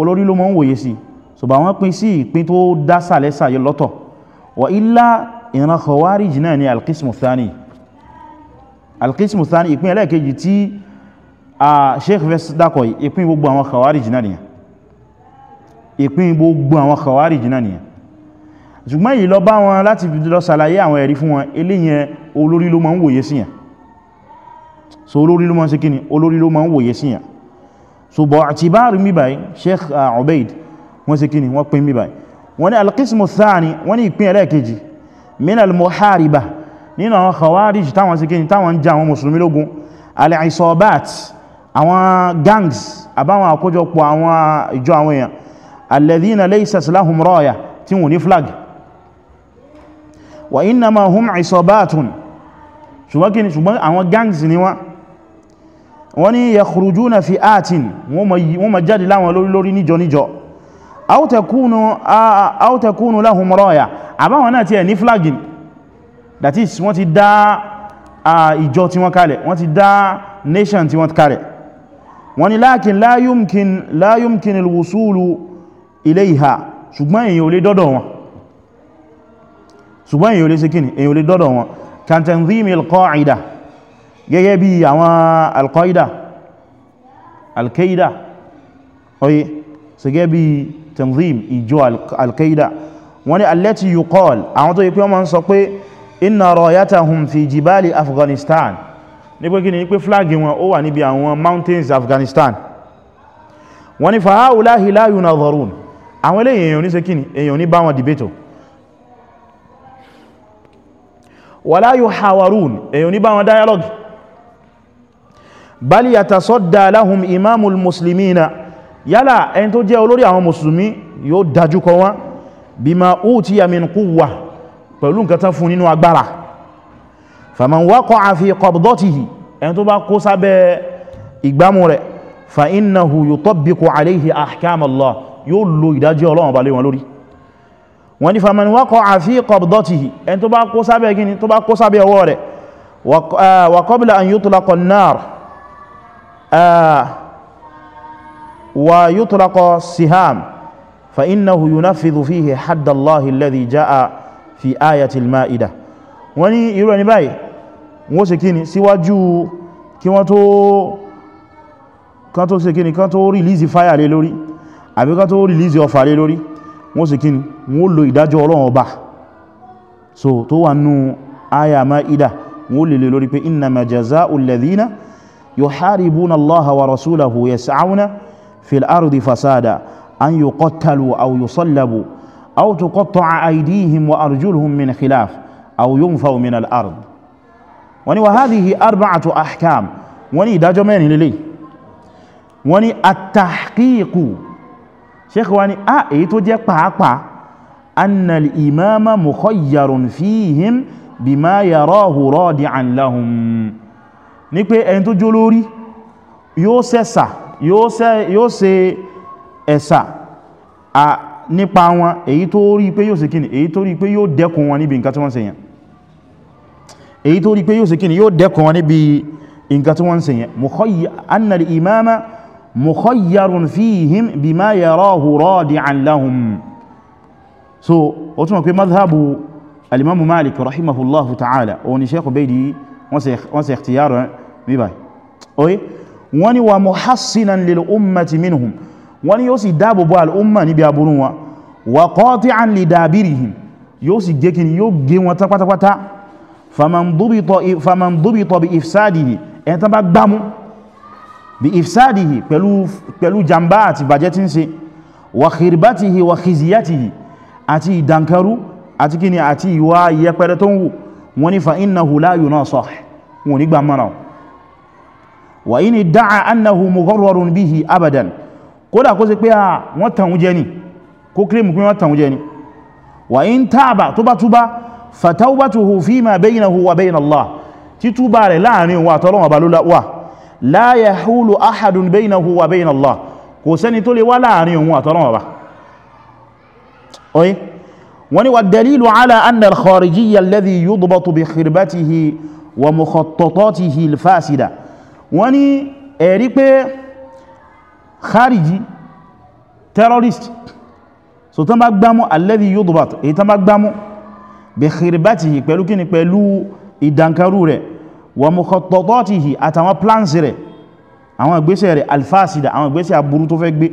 olórí ló ma ń wòye sí so bá wọ́n pín sí ìpín tó dásà lẹ́sà yọ lọ́tọ̀ wà ilá ìran khawarij náà ni alqismu thani alkismu thani ìpín ẹlẹ́ẹ̀kejì tí a sheikh fes dákọ̀ ìpín gbogbo àwọn khawarij náà nìyàn ìpín gbogbo àwọn khawarij náà nìyàn ṣùgbọ́n yìí lọ bá wọn láti lọ sàlàyé àwọn ẹ̀rí fún wọn eléyẹn olórí ló ma ń wòye síyàn so olórí ló ma ń ṣe kíni olórí ló ma ń wòye síyàn so bọ̀ àti bá rí mìbàí sheikh obaid wọ́n ṣe kíni wọ́n pín mìbàí wọ́n ní alkismu thani wọ́n ní ìpín ẹlẹ́ẹ̀kejì min al-muhariba nínú àwọn khawarij táwọn sí kíni táwọn ń jà àwọn mùsùlùmí lógun al-isobat àwọn gangs àbáwọn àkójọpọ̀ àwọn ìjọ àwọn èèyàn alladhina laysat lahum raya tí wọ́n ní flag wa innama hum isobatun ṣùgbọ́n kíni ṣùgbọ́n àwọn gangs ni wọ́n wọ́n ni yakhrujuna fi'atin wọ́n ma jáde láwọn lórí lórí níjọ níjọ aw takunu lahum raya àbáwọn náà ti ẹ̀ ní flagging that is wọ́n ti dá ìjọ tí wọ́n kalẹ̀ wọ́n ti dá nation tí wọ́n kalẹ̀ wọ́n ni lákin la yumkin la yumkin al-wusulu ilayha ṣùgbọ́n èyàn ò lè dọ́dọ̀ wọn ṣùgbọ́n èyàn ò lè ṣe kíni èyàn ò lè dọ́dọ̀ wọn kan tanzim al-qa'ida gẹ́gẹ́ bí àwọn al-qaida oye ṣe gẹ́gẹ́ bí tanzim ìjọ al wọ́n ni allati yuqal àwọn inna rayatahum fi jibali afghanistan ní pé kíni pé flag wọn ó wà níbi àwọn mountains afghanistan wọ́n ní fa'áwùláhì la yunadharun àwọn ilé èèyàn ní sekini èèyàn ní bá wọn dìbètò wala yuhawarun èèyàn ní bá wọn dialogue bal yatasadda lahum imamul muslimina yálà ẹni tó jẹ́ olórí àwọn musulmi yóò dájú kọ wọn bima utiya min quwwah pẹ̀lú nǹkan tán fún nínú agbára faman waqa'a fi qabdatihi ẹni tó bá kó sábẹ́ ìgbámú rẹ̀ fa innahu yutabbiqu alayhi ahkam Allah yóò lo ìdájọ́ Ọlọ́run balẹ̀ wọn lórí wọ́n ni faman waqa'a fi qabdatihi ẹni fi ayatil ma'ida wọ́n ní irú ẹni báyìí wọ́n ṣe kíni síwájú kí wọ́n tó kan tó ṣe kíni kan tó rìlízi fáyà lé lórí àbí kan tó rìlízi ọfà lé lórí wọ́n ṣe kíni wọ́n lo ìdájọ́ ọlọ́run ọba so tó wà nú aya ma'ida wọ́n lè lè lórí pé innama jaza'u alladhina yuharibuna allaha wa rasulahu yas'auna fil ardi fasada an yuqattalu aw yusallabu أو تقطع أيديهم وأرجلهم من خلاف أو ينفوا من الأرض وني وهذه أربعة أحكام وني دا جمين للي وني التحقيق شيخ وني آئي تجي قاقا أن الإمام مخير فيهم بما يراه رادعا لهم ní pé جلوري. tó jó lórí yóò sẹ́sà yóò ṣe nípa wọn èyí tó rí pé yóò ṣe kíni èyí tó rí pé yóò dẹ́kun wọn níbi nǹkan tí wọ́n ṣe yẹn èyí tó rí pé yóò ṣe kíni yóò dẹ́kun wọn níbi nǹkan tí wọ́n ṣe annal imama mukhayyarun fihim bima yarahu radi'an lahum so ó túnmọ̀ pé madhhabu alimamu malik rahimahullahu ta'ala ó ní sheikh Ubaydi wọ́n ṣe ikhtiyar mi báyìí oye wọ́n ni wa muhassinan lil ummati minhum wọ́n ni yóò sì dáàbò bọ́ al'umma níbi aburú wọn wà qati'an li dabirihim yóò sì gé kìí yóò gé wọn tán pátápátá faman dubita bí ifsadihi ẹni tán bá gbámú bí ifsadihi pẹ̀lú jàmbá àti bàjẹ́ tí ń ṣe wà khirbatihi wà khiziyatihi àti ìdankaru àti kíni àti ìwà yẹpẹrẹ tó ń wù wọ́n ni fa innahu la yunasah wọ́n ni gbàmọ́nà wà yí ni dáa annahu mugharrarun bihi abadan kódà kó ṣe pé à ah, wọ́n tàun jẹ ni kó kílèmù pé wọ́n tàun jẹ ni wà in tàbà tó bá túbá fatawbatuhu fima baynahu wa bayna Allah tí túbá rẹ̀ láàrin wa tọ́lọ́wọ́ bá ló wà la yahulu ahadun baynahu wa bayna Allah kò sẹ́ni tó lè wá láàrin wa tọ́lọ́wọ́ bá oye khariji terrorist so tán bá gbámú alladhi yudbat èyí tán bá gbámú bi khirbatihi pẹ̀lú kíni pẹ̀lú ìdankarú rẹ̀ wa mukhattatatihi àtàwọn plans rẹ̀ àwọn ìgbésẹ̀ rẹ̀ alfasida àwọn ìgbésẹ̀ aburú tó fẹ́ gbé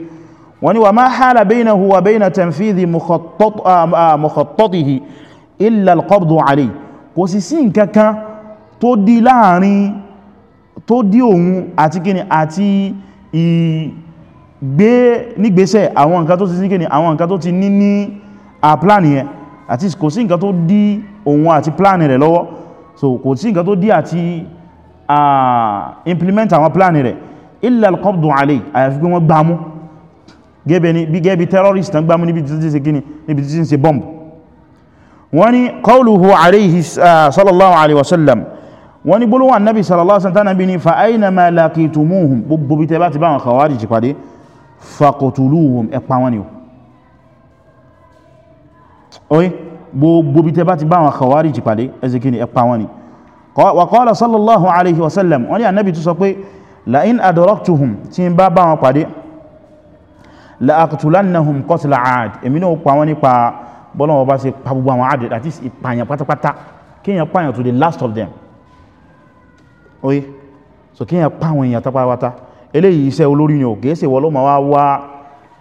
wọ́n ni wa ma hala baynahu wa bayna tanfidhi ah, ah, mukhattatihi illa alqabdu alayhi kò sì sí nǹkankan tó dí láàrin tó dí òun àti kíni àti ìyí gbé nígbésẹ̀ àwọn nǹkan tó ti ní kíni àwọn nǹkan tó ti ní ní a plan yẹn àti kò sí nǹkan tó dí òun àti plan rẹ̀ lọ́wọ́ so kò sí nǹkan tó dí àti implement àwọn plan rẹ̀ illa al-qabdu alayhi àyàfi pé wọ́n gbámú gẹ́bẹ̀ ni bí gẹ́bí terrorist tán gbámú níbi títí ṣe kíni níbi títí ṣe bomb wọ́n ni qawluhu alayhi sallallahu alayhi wasallam wọ́n ni gbólówà nabi sallallahu alayhi wasallam gbogbo bí tẹ́ ti bá wọn khawarij pàdé faqtuluhum ẹ pa wọ́n ni o oye gbogbo bí tẹ bá ti bá wọn khawarij pàdé ẹzikí ni ẹ pa wọ́n ni wa qala sallallahu alaihi wasallam wọ́n ni annabi tó sọ pé la'in adraktuhum tí n bá bá wọn pàdé la'aqtulannahum qatla eléyìí iṣẹ́ olórí ni ò gẹ́ẹ́sẹ̀ wọ́n ló ma wá wá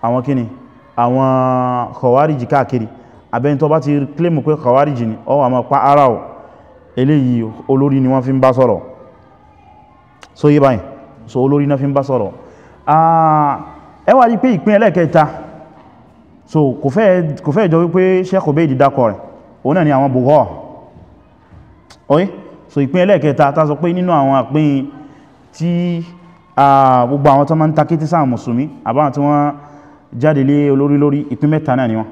àwọn kíni àwọn kọwàríjì káàkiri abẹ́ni tó bá ti kílèmù pé kọwàríjì ni ọwà ma pa ara ọ̀ eléyìí olórí ni wọ́n fi ń bá sọ̀rọ̀ so yí báyìí so olórí náà fi ń bá sọ̀rọ̀ ẹ wá so kò fẹ́ jọ wípé Sheikh Obeid dákọ̀ ni àwọn bùhọ́ oye so ìpín ẹlẹ́kẹta ta sọ pé nínú àwọn gbogbo àwọn tó máa ń takítí sáà mùsùlùmí àbáwọn tí wọ́n jáde lé olórí lórí ìpín mẹ́ta náà ni wọ́n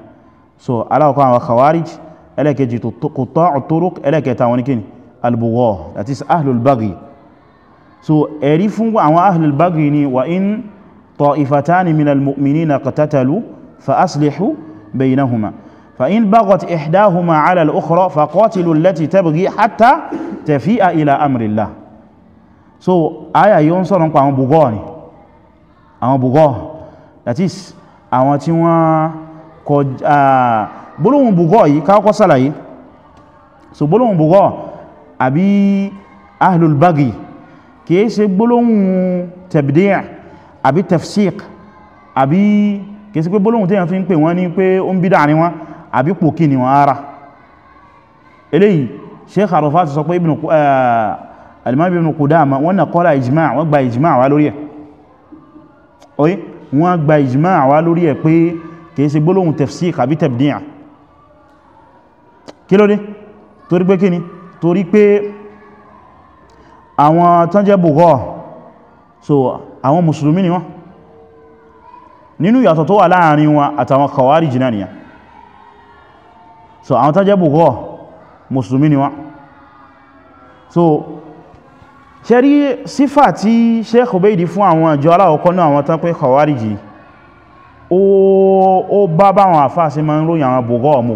so aláwọ̀kọ́ àwọn khawarij ẹlẹ́kẹjì quta'u turuq ẹlẹ́kẹta wọn kíni albughaw that is ahlul baghi so aya yìí ó ń sọ̀rọ̀ nípa àwọn bugọ́ ni àwọn bugọ́ that is àwọn tí wọ́n kọ gbólóhùn bugọ́ yìí káàkọ́ sàlàyé so gbólóhùn bugọ́ àbí ahlul bagi kìí ṣe gbólóhùn tabdi' àbí tafsiq àbí kìí ṣe pé gbólóhùn tí yàn fi ń pè wọ́n ní pé ó sheikh arafat sọ pé ibn alimami ibn Qudama wọ́n na kọ́lá ijima wọ́n gba ijima wá lórí ẹ̀ oye wọ́n gba ijima wá lórí ẹ̀ pé kìí ṣe gbólóhùn tafsir àbí tabdi'a kí ló torí pé kíni torí pé àwọn tán jẹ́ so àwọn mùsùlùmí ni wọ́n nínú ìyàtọ̀ tó wà láàrin wọn àtàwọn khawarij náà nìyà so àwọn tán jẹ́ bùgọ́ mùsùlùmí ni wọ́n so ṣe rí sífà tí Sheikh Ubaydi fún àwọn àjọ aláwọ̀kọ́ náà wọ́n tán pé khawariji ó bá báwọn àfáà ṣe máa ń ròyìn àwọn bògọ́ ọmọ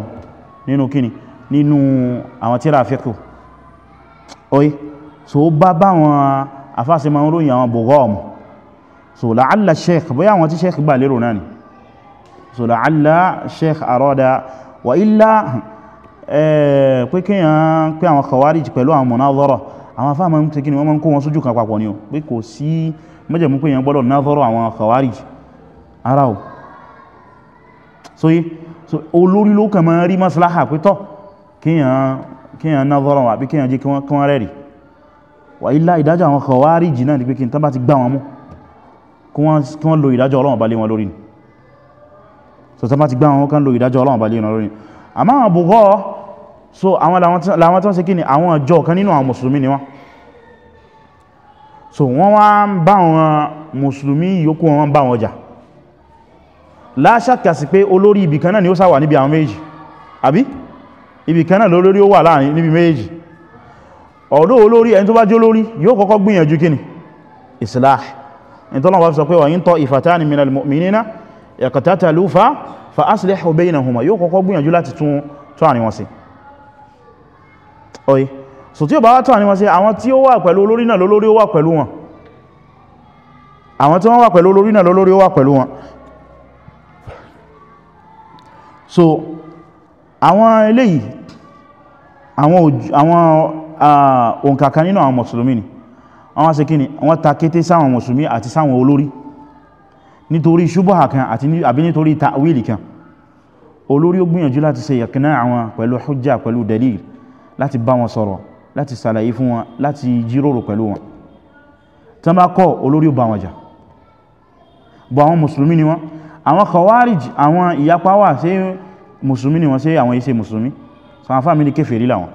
nínú kíni nínú àwọn tíra fiqh oye so ó bá báwọn àfáà ṣe máa ń ròyìn àwọn bògọ́ ọmọ so la'alla Sheikh bóyá àwọn tí Sheikh gbà lérò náà ni so la'alla Sheikh arada wa illa eh, pé kíyàn pé àwọn khawariji pẹ̀lú àwọn munazara àwọn afá ma ń tẹ́kí ni wọ́n ma ń kó wọn sójú kan papọ̀ ni o pé kò sí mẹ́jẹ̀mú pé èèyàn gbọ́dọ̀ náfọ́rọ̀ àwọn khawarij ara o so yí so olórí ló kàn máa rí maslaha pé tọ́ kíyàn náfọ́rọ̀ àbí kíyàn jẹ́ kí wọ́n rẹ̀ rí wà ilá ìdájọ́ àwọn khawarij náà ni pé kí n lo ìdájọ́ ọlọ́wọ̀n balẹ̀ wọn so tábà ti gbá wọn lo ìdájọ́ ọlọ́wọ̀n balẹ̀ wọn lórí ni so àwọn làwọn tó ń ṣe kí ni àwọn ọjọ́ kan nínú àwọn mùsùlùmí ni wọ́n so wọ́n wá ń bá wọn mùsùlùmí yòókù wọn bá wọn jà láṣàkà sí pé olórí ibìkan náà ni ó sáwà níbi àwọn méjì àbí ibìkan náà lórí ó wà láàrin níbi méjì ọ̀dọ́ olórí ẹni tó bá jó lórí yóò kọ́kọ́ gbìyànjú kíni islah ẹni tó lọ́wọ́ sọ pé wa in ta'ifatani minal mu'minina yaqtatalu fa aslihu baynahuma yóò kọ́kọ́ gbìyànjú láti tún àárín wọn sí ọ̀yí so tí ó bá wá tàn ní wọ́n sí àwọn tí ó wà pẹ̀lú olórí náà lólórí ó wà pẹ̀lú wọn àwọn tí wọ́n wà pẹ̀lú olórí náà lólórí ó wà pẹ̀lú wọn so àwọn eléyìí àwọn òǹkàkan nínú àwọn mùsùlùmí ni àwọn ṣe kí ni wọ́n ta kété sáwọn mùsùlùmí àti sáwọn olórí nítorí ṣubọ́hà kan àbí nítorí ta'wili kan olórí ó gbìyànjú láti ṣe yàkínà àwọn pẹ̀lú hujja pẹ̀lú dalil láti bá wọn sọ̀rọ̀ láti sàlàyé fún wọn láti jíròrò pẹ̀lú wọn tán bá kọ́ olórí bá wọn jà bọ̀ àwọn mùsùlùmí ni wọ́n àwọn khawarij àwọn ìyapa wà ṣé mùsùlùmí ni wọ́n ṣé àwọn iṣẹ́ mùsùlùmí sọ àwọn fámílì kèfèrí làwọn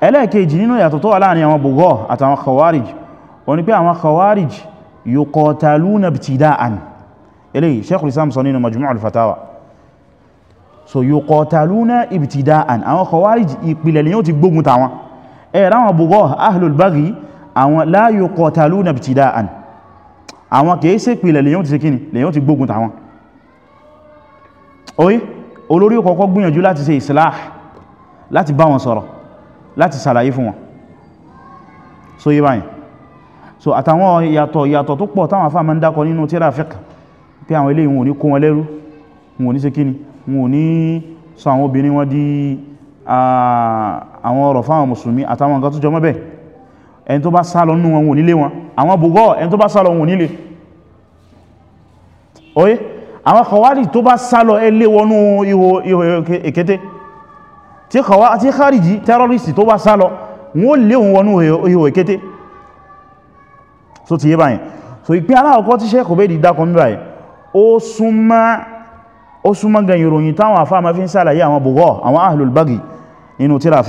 ẹlẹ́ẹ̀kejì nínú ìyàtọ̀ tó wà láàrin àwọn bùgọ́ àtàwọn khawarij ó pé àwọn khawarij yuqataluna ibtida'an eléyìí Shaykhul Islam sọ nínú Majmu' al so yuqataluna ibtida'an àwọn khawarij ìpìlẹ̀ lè yóò ti gbógun tàwọn ẹ̀rọ àwọn bugọ́ ahlul baghi àwọn la yuqataluna ibtida'an àwọn kìí sí ìpìlẹ̀ lè yóò ti kíni lè yóò ti gbógun tàwọn oye olórí ọkọ̀ọ̀kọ́ gbìyànjú láti ṣe islah láti bá wọn sọ̀rọ̀ so yí so àtàwọn ìyàtọ̀ ìyàtọ̀ tó pọ̀ táwọn afá ma ń dákọ nínú tíra fiqh pé àwọn ilé ìwọ̀n wọn ò ní sọ àwọn obìnrin wọn di àwọn ọ̀rọ̀ fáwọn mùsùlùmí àtàwọn nǹkan tó jọ mọ́bẹ̀ ẹni tó bá sálọ nínú wọn wọn ò nílé wọn àwọn bùgọ́ ẹni tó bá sálọ wọn ò nílé oye àwọn kọwàrí tó bá sálọ ẹlé wọnú ihò èkété tí kárìjí tẹ́rọrìsì tó bá sálọ wọ́n lé wọn wọnú ihò èkété so ti yé báyìí so ìpín aláàkọ́ tí sẹ́kọ̀ọ́bẹ̀ ìdídákan mẹ́bàáyìí ó súnmọ́ ó súnmọ́ gan ìròyìn táwọn àfáà ma fi ń sàlàyé àwọn bùgọ́ àwọn ahlul bagi nínú tíra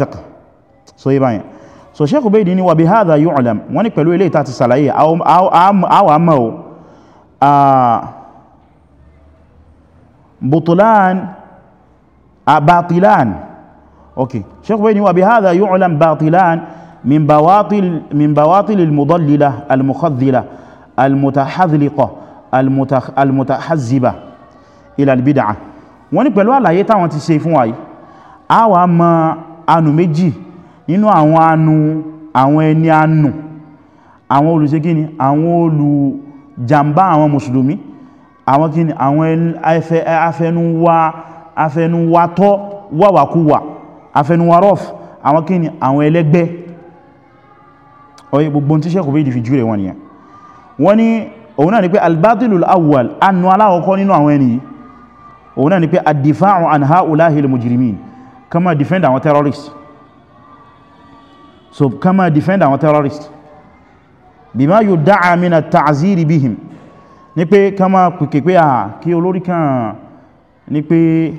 so yí báyìí so Shaykh Ubaydi ni wa bi hadha yu'lam wọ́n ni pẹ̀lú ilé ìta ti sàlàyé àwọn àmà o butulan batilan ok Shaykh Ubaydi ni wa bi hadha yu'lam batilan min bawatil min bawatil al-mudallila al-mukhadhila al-mutahadhliqa al-mutahazziba ila al-bid'ah wọ́n ní pẹ̀lú àlàyé táwọn ti ṣe fún wa yìí a wà mọ̀ anù méjì nínú àwọn anù àwọn ẹni anù àwọn olùṣegíní àwọn olùjàmbá àwọn mùsùlùmí àwọn kíni àwọn afẹnuwa afẹnuwatọ́ wàwàkúwà afẹnuwarọ́f àwọn kíni àwọn ẹlẹ́gbẹ́ ọ̀yẹ́ gbogbo tí sẹ́kù bí ìdí fi jú rẹ̀ ni wọ́n ni òun ni pé albatilul awwal annu aláwọ̀kọ́ nínú àwọn ẹni yìí òun náà ni pé ad-difa'u an ha'ula'il mujrimin kama defend àwọn terrorist so kama defend àwọn terrorist bima yudda'a min at-ta'ziri bihim ní pé kama pèkè pé à kí olórí kan ní pé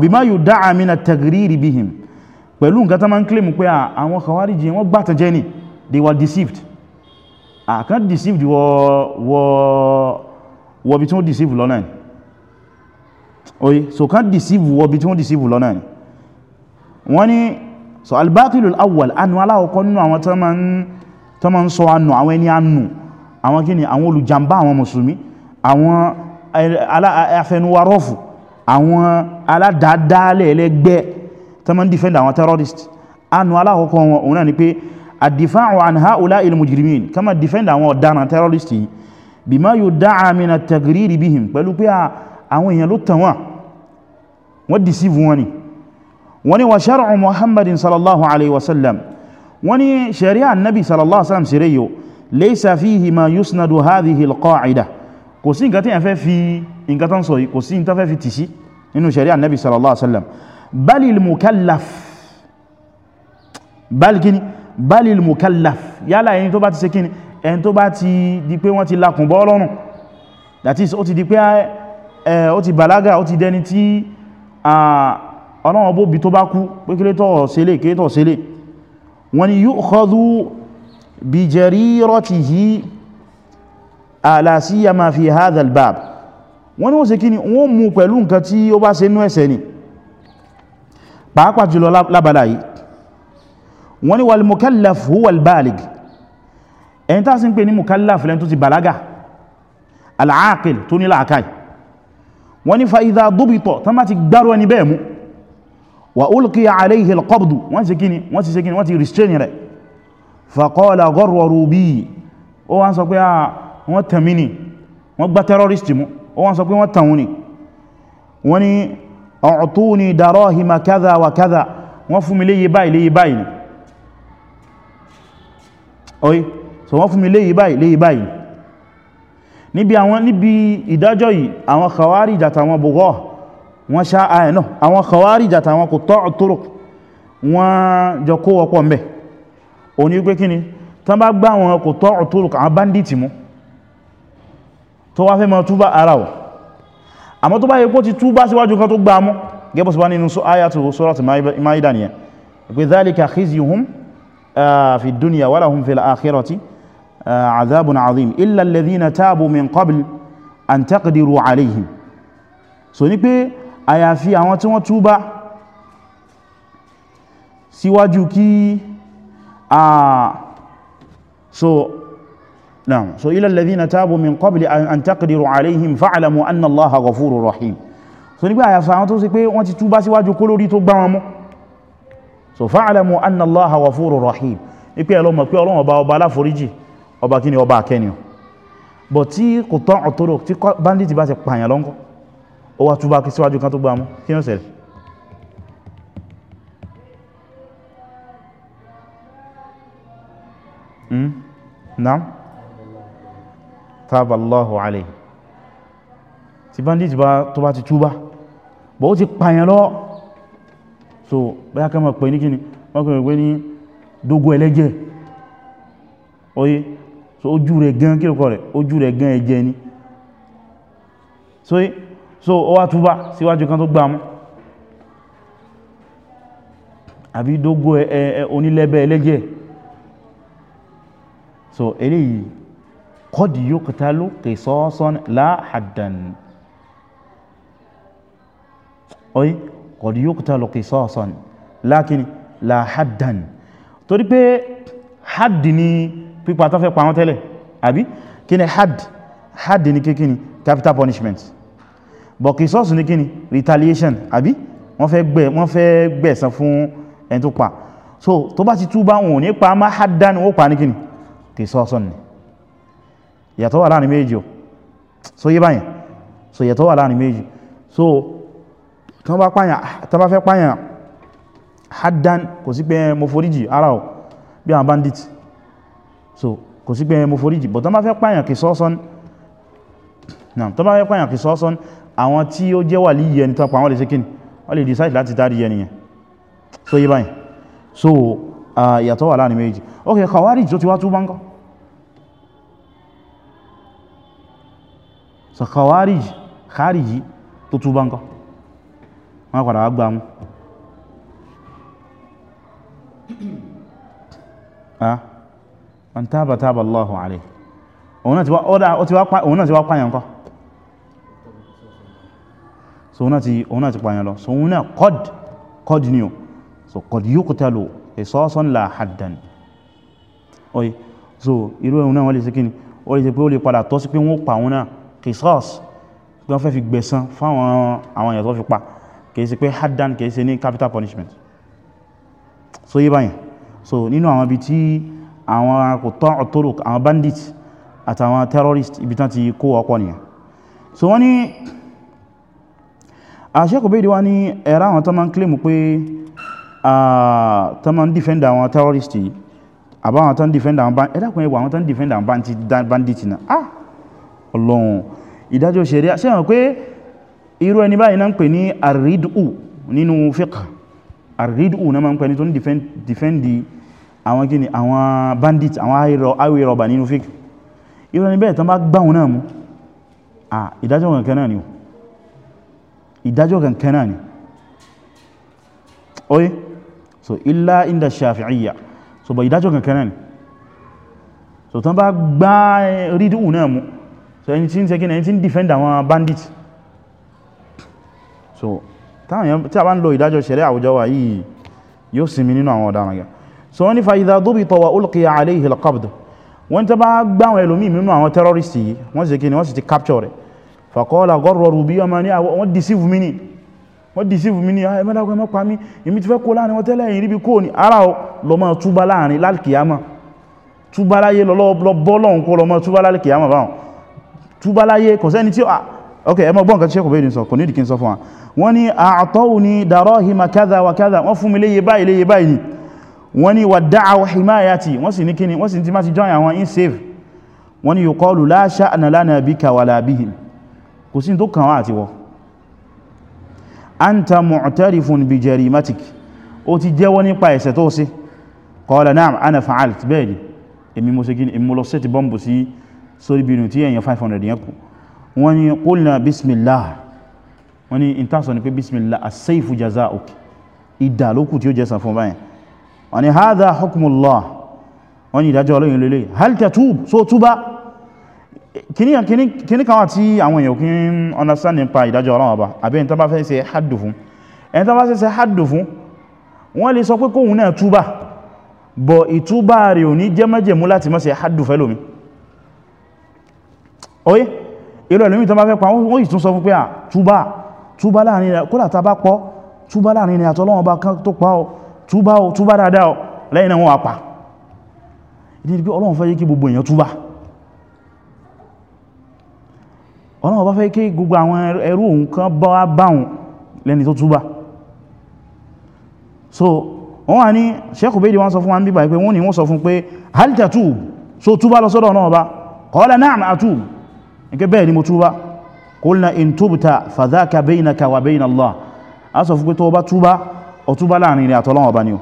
bima yudda'a min at-taghriri bihim pẹ̀lú nǹkan tó máa ń claim pé àwọn khawariji wọ́n gbàtànjẹ́ ni they were deceived àkán deceived wọ wọ wọ bí tí wọ́n deceived lọ́nà ni oye so kan deceive wọ bí tí wọ́n deceive lọ náà ni wọ́n ni so albaqilul awwal anu aláwọ̀kọ́ nínú àwọn tó ma ń sọ anu àwọn ẹni anu àwọn kíni àwọn olùjàmbá àwọn mùsùlùmí àwọn afẹnuwarọ́fù àwọn aládàádálẹ̀ ẹlẹ́gbẹ́ tó ma ń defend àwọn terrorist anu aláwọ̀kọ́ wọn náà ni pé ad-difa'u an ha'ula'il mujrimin kama defend àwọn ọ̀daràn terrorist yìí bima yudda'a min at-taghriri bihim pẹ̀lú pé a àwọn èèyàn ló tàn wọ́n wọ́n deceive wọn ni wọ́n ni wa shar'u muhammadin sallallahu alaihi wasallam wọ́n ni shari'a nabi sallallahu alaihi wasallam sire yóò laysa fihi ma yusnadu hadhihi alqa'ida kò sí nǹkan tí yẹn fẹ́ fi nǹkan tán sọ yìí kò sí nǹkan fẹ́ fi tì sí nínú shari'a nabi sallallahu alaihi wasallam balil mukallaf balkini balil mukallaf yálà ẹni ó ti bàlágà ó ti dẹni tí ọlọ́wọ́ bóbi tó bá kú pé kí létọ̀ sílé kí létọ̀ sílé wọ́n ni yukhadhu bi jariratihi ala siyama fi hadha al-bab wọ́n ni wọ́n ṣe kí ni wọ́n mú pẹ̀lú nǹkan tí ó bá ṣe nú ẹ̀ṣẹ̀ ni pàápàá jùlọ lábàlá yìí wọ́n ni wal mukallaf huwa al-balig ẹni tá ń pè ní mukallaf lẹ́n tó ti bàlágà al tó ní làákàí wọ́n ní fa'idha dubita tán bá ti gbárò ẹni bẹ́ẹ̀ mú wa ulqiya alayhi alqabdu wọ́n ti kíni wọ́n ti kíni wọ́n ti restrain rẹ̀ faqala gharraru bi ó wá ń sọ pé wọ́n tẹ̀mí ni wọ́n gbá terrorist níbi àwọn níbi ìdájọ́ yìí àwọn khawarij àtàwọn bugha wọ́n ṣá ààyè ah, náà àwọn khawarij àtàwọn qutta' turuq wọ́n jọ kó wọ́pọ̀ mẹ́ òní pé kíni tán bá gbá àwọn qutta' turuq àwọn bandits mú tó wá fẹ́ mọ́ túbá ara wọ̀ àmọ́ tó bá yẹ kó ti túbá síwájú kan tó gbá mú gẹ́bọ̀ síwá nínú ah, fil akhirati عذاب عظيم إلا الذين تابوا من قبل أن تقدروا عليهم so ní pé àyàfi àwọn tí wọ́n túbá síwájú kí a so نعم so إلا الذين تابوا من قبل أن تقدروا عليهم فاعلموا أن الله غفور رحيم so ní pé àyàfi àwọn tó ṣe pé wọ́n ti túbá síwájú kó lórí tó gbá wọn mú so فاعلموا أن الله غفور رحيم ní pé ẹlọ́mọ̀ pé Ọlọ́run ọba ọba aláforíjì ọba kí ni ọba akẹ́niọ̀ bọ̀ tí kò tán ọ̀tọ́rọ̀ tí bandit bá ti pààyàn lọ́nkọ́ ó wá túbá kí síwájú kan tó gbá mú kí ní ọ̀sẹ̀lẹ̀ hmm? naam taballahu alayhi tí bandit bá tó bá ti túbá bọ̀ ó ti pààyàn lọ so báyá kẹ́ mọ̀ pé ní kí ni wọ́n kẹ́ mọ̀ ní dógó ẹlẹ́jẹ̀ oye so ojú rẹ̀ gan kí lókọ rẹ̀ ojú rẹ̀ gan ẹjẹ́ ni so eh, so ó wá túbá síwájú kan tó gbá mú àbí dógó ẹ onílẹ́bẹ̀ ẹlẹ́jẹ̀ so eléyìí kọ́dì yóò kẹta ló kè sọ́ọ́sán láàdàn oyi kọ́dì yóò kẹta ló kè sọ́ọ́sán láàkín láàdàn torí pé hadd ni pípa tó fẹ́ pa wọ́n tẹ́lẹ̀ àbí kí ni had had ní kí ni capital punishment but qisas ní kí ni retaliation àbí wọ́n fẹ́ gbẹ̀ wọ́n fẹ́ gbẹ̀san fún ẹni tó pa so tó bá ti túbá wọn ò ní pa má haddan ó pa ní kí ni qisas ni yàtọ̀ wà láàrin méjì o so yé báyìí so yàtọ̀ wà láàrin méjì so tán bá pààyàn tán bá fẹ́ pààyàn haddan kò sí pé mo foríjì ara ọ̀ bí àwọn bandit so kò sí pé mo foríjì bọ̀ tán bá fẹ́ pààyàn kì sọ́sọ́n náà tán bá fẹ́ pààyàn kì sọ́sọ́n àwọn tí ó jẹ́ wà líyẹ ní tọpa àwọn lè sékín wọ́n lè decide láti dárí yẹ nìyẹn so yí báyìí so ìyàtọ̀ wà láàrin méjì ok khawarij tó ti wá túbá ńkọ́ so khawarij khariji tó túbá ńkọ́ wọ́n padà wá gbá mú ah (coughs) an tábà tábà Allahu alayhi òun náà ti wá pààyàn kọ́ so òun náà ti pààyàn lọ so òun náà qad qad ni o so qad yuqtalu qisasan la haddan oye so irú ẹ̀hùn náà wọ́n lè ṣe kí ni ó lè ṣe pé ó lè padà tọ́ sí pé wọ́n pa òun náà qisas pé wọ́n fẹ́ fi gbẹ̀san fáwọn àwọn èèyàn fi pa kìí ṣe pé haddan kìí ṣe ní capital punishment so yí báyìí so nínú àwọn ibi tí àwọn kòtọ́ ọ̀tọ́rọ̀ àwọn bandit àtàwọn terrorist ibi tán ti kó ọ̀pọ̀ nìyàn so wọ́n ni àṣẹ́kùnbéèdè wá ní ẹ̀rá àwọn tán máa ń claim pé tán máa ń defend àwọn terrorist àbáwọn tán defend àwọn bandit ẹ̀dàkùn ẹwà àwọn tán defend àwọn bandit náà ah ọlọ́run ìdájọ́ ṣẹ̀ríà ṣẹ́wọ̀n pé irú ẹni báyìí náà ń pè ní àrídù nínú fiqh àrídù náà máa ń pè ní àwọn gini àwọn bandit àwọn highway robber nínú fake irọ́ ni bẹ́ẹ̀ tán bá gbáhùn náà mú à ìdájọ́ kankan náà ni o ìdájọ́ kankan náà ni oye so illa inda shafi'iyya so bọ̀ ìdájọ́ kankan náà ni so tán bá gbá rídùn náà mú so ẹni tí ń tẹ́kí ẹni tí ń defend àwọn bandit so tí a bá ń lo ìdájọ́ ṣẹ̀rẹ́ àwùjọ wa yìí yóò sinmi nínú àwọn ọ̀daràn gẹ̀ẹ́ so wọ́n ní fàyídá dóbìtọ̀ wà ulqiya alayhi al-qabd wọ́n tẹ́ bá gbáwọn ẹlòmí nínú àwọn terrorist yìí wọ́n sì kíni wọ́n sì ti capture rẹ̀ fàkọ́ọ́lá gọ́rọ̀ rubí ọmọ ní wọ́n deceive mi ni wọ́n deceive mi ni ah, ẹmẹ́dàgbẹ́ mọ́ pa mí èmi ti fẹ́ kó láàrin wọ́n tẹ́lẹ̀ yìí ríbi kó ní ara lọ́mọ túbá láàrin lálkìyàmọ́ túbá láyé lọ́bọ́lọ́n kó lọ́mọ túbá lálkìyàmọ́ báwọn túbá láyé kò sẹ́ni tí ah, ok ẹmọ gbọ́n kan tí ṣẹ́kù bẹ́ẹ̀ sọ kò ní ìdíkín sọ fún wa wọ́n ní àtọ́wù ní darahima kadha wa kadha wọ́n fún mi léye báyìí léye báyìí wọ́n ni wàdáà wà himayati wọ́n sì ní kíni wọ́n sì ti má ti join àwọn in save wọ́n ni yuqalu la sha'na lana bika wala bihim kò sí tó kàn wá àti wọ́ anta mu'tarifun bi jarimatik ó ti jẹ́wọ́ nípa ẹ̀ṣẹ̀ tó ṣe qala na'am ana fa'alt bẹ́ẹ̀ ni mo ṣe kíni èmi mo lọ sẹ́ti bọ́m̀bù sí sórí bínú tí èèyàn 500 yẹn kù wọ́n ni qulna bismillah wọ́n ni intansọ̀ ni pé bismillah as-sayfu jazaa'uk ìdà lókù tí ó jẹ́ sàn báyìí wọ́n ní hadha hukmullah wọ́n ní ìdájọ́ Ọlọ́run lélẹ̀ hal tatub so túbá kíní kan wà tí àwọn èèyàn kí ń understand nípa ìdájọ́ Ọlọ́run ọba àbí ẹni tó bá fẹ́ ṣe haddu fún ẹni tó bá fẹ́ ṣe haddu fún wọ́n lè sọ pé kóhun náà túbá bọ̀ ìtúbá rẹ̀ ò ní jẹ́ májẹ̀mú láti má ṣe haddu fẹ́ lómi oye ìlú ẹ̀lómi tó bá fẹ́ pa wọ́n ìtún sọ fún pé láàrin ni àtọ́lọ́wọ́n bá tó pa ọ́ túbá o túbá dáadáa o lẹ́yìn náà wọ́n apá ìdí pé ọlọ́run fẹ́ yí kí gbogbo èèyàn túbá ọlọ́run bá fẹ́ kí gbogbo àwọn ẹrú òun kan bá báhùn lẹ́ni tó túbá so wọ́n wà ní sẹ́kù bèèdè wọ́n sọ fún wọn bíbà pé wọ́n ni wọ́n sọ fún pé hal tatub so túbá lọ sọ́dọ̀ náà bá qala na'am atub nke bẹ́ẹ̀ ni mo túbá qulna in tubta fadhaka baynaka wa bayna Allah a sọ fún pé tó bá túbá ọ̀túbá láàrin rẹ̀ àtọ́lọ́wọ̀ bá ní o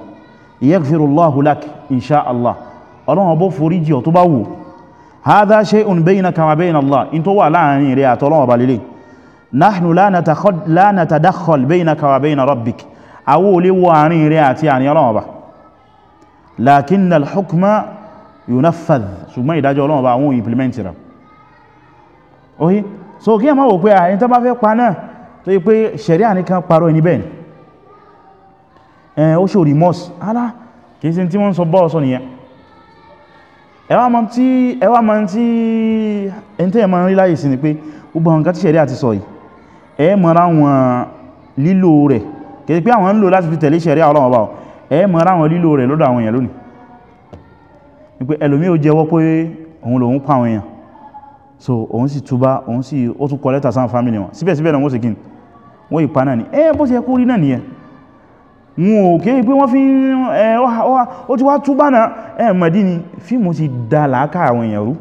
yaghfirullahu lak insha Allah ọlọ́wọ̀ bó forí jì ọ̀túbá wù hadha shay'un baynaka wa bayna Allah in tó wà láàrin rẹ̀ àtọ́lọ́wọ̀ bá lélẹ̀ nahnu la natadakhal baynaka wa bayna rabbik awó olè wọ àárín rẹ̀ àti àní ọlọ́wọ̀ bá lakinna al-hukma yunaffadh ṣùgbọ́n ìdájọ́ ọlọ́wọ̀ bá àwọn implement rẹ̀ ohi so kí a máa wò pé àyíntọ́ bá fẹ́ pa náà tó yí pé ṣẹ̀ríà nìkan parọ́ ẹni bẹ́ẹ̀ Eh, ó ṣe remorse ara kìí ṣe tí wọ́n sọ bọ́ ọ̀sọ́ nìyẹn ẹwà ma tí ẹwà ma tí ẹni tẹ́ ẹ ma ń rí láyé sí ni pé gbogbo àwọn nǹkan tí ṣẹ̀rí àti sọ yìí ẹ mọ̀ra wọn lílò rẹ̀ kìí pé àwọn ń lò láti fi tẹ̀lé ṣẹ̀rí àwọn ọlọ́wọ́ ẹ mọ̀ra wọn lílò rẹ̀ lọ́dọ̀ àwọn èèyàn lónìí ni pé ẹlòmí ò jẹ́wọ́ pé òun lòun pa àwọn èèyàn so òun sì túbá òun sì ó wọn ò kí pé wọ́n fi ń ó ti wá túbá náà ẹ̀mọ̀dí ni fíìmù ti dá làákà àwọn èèyàn rú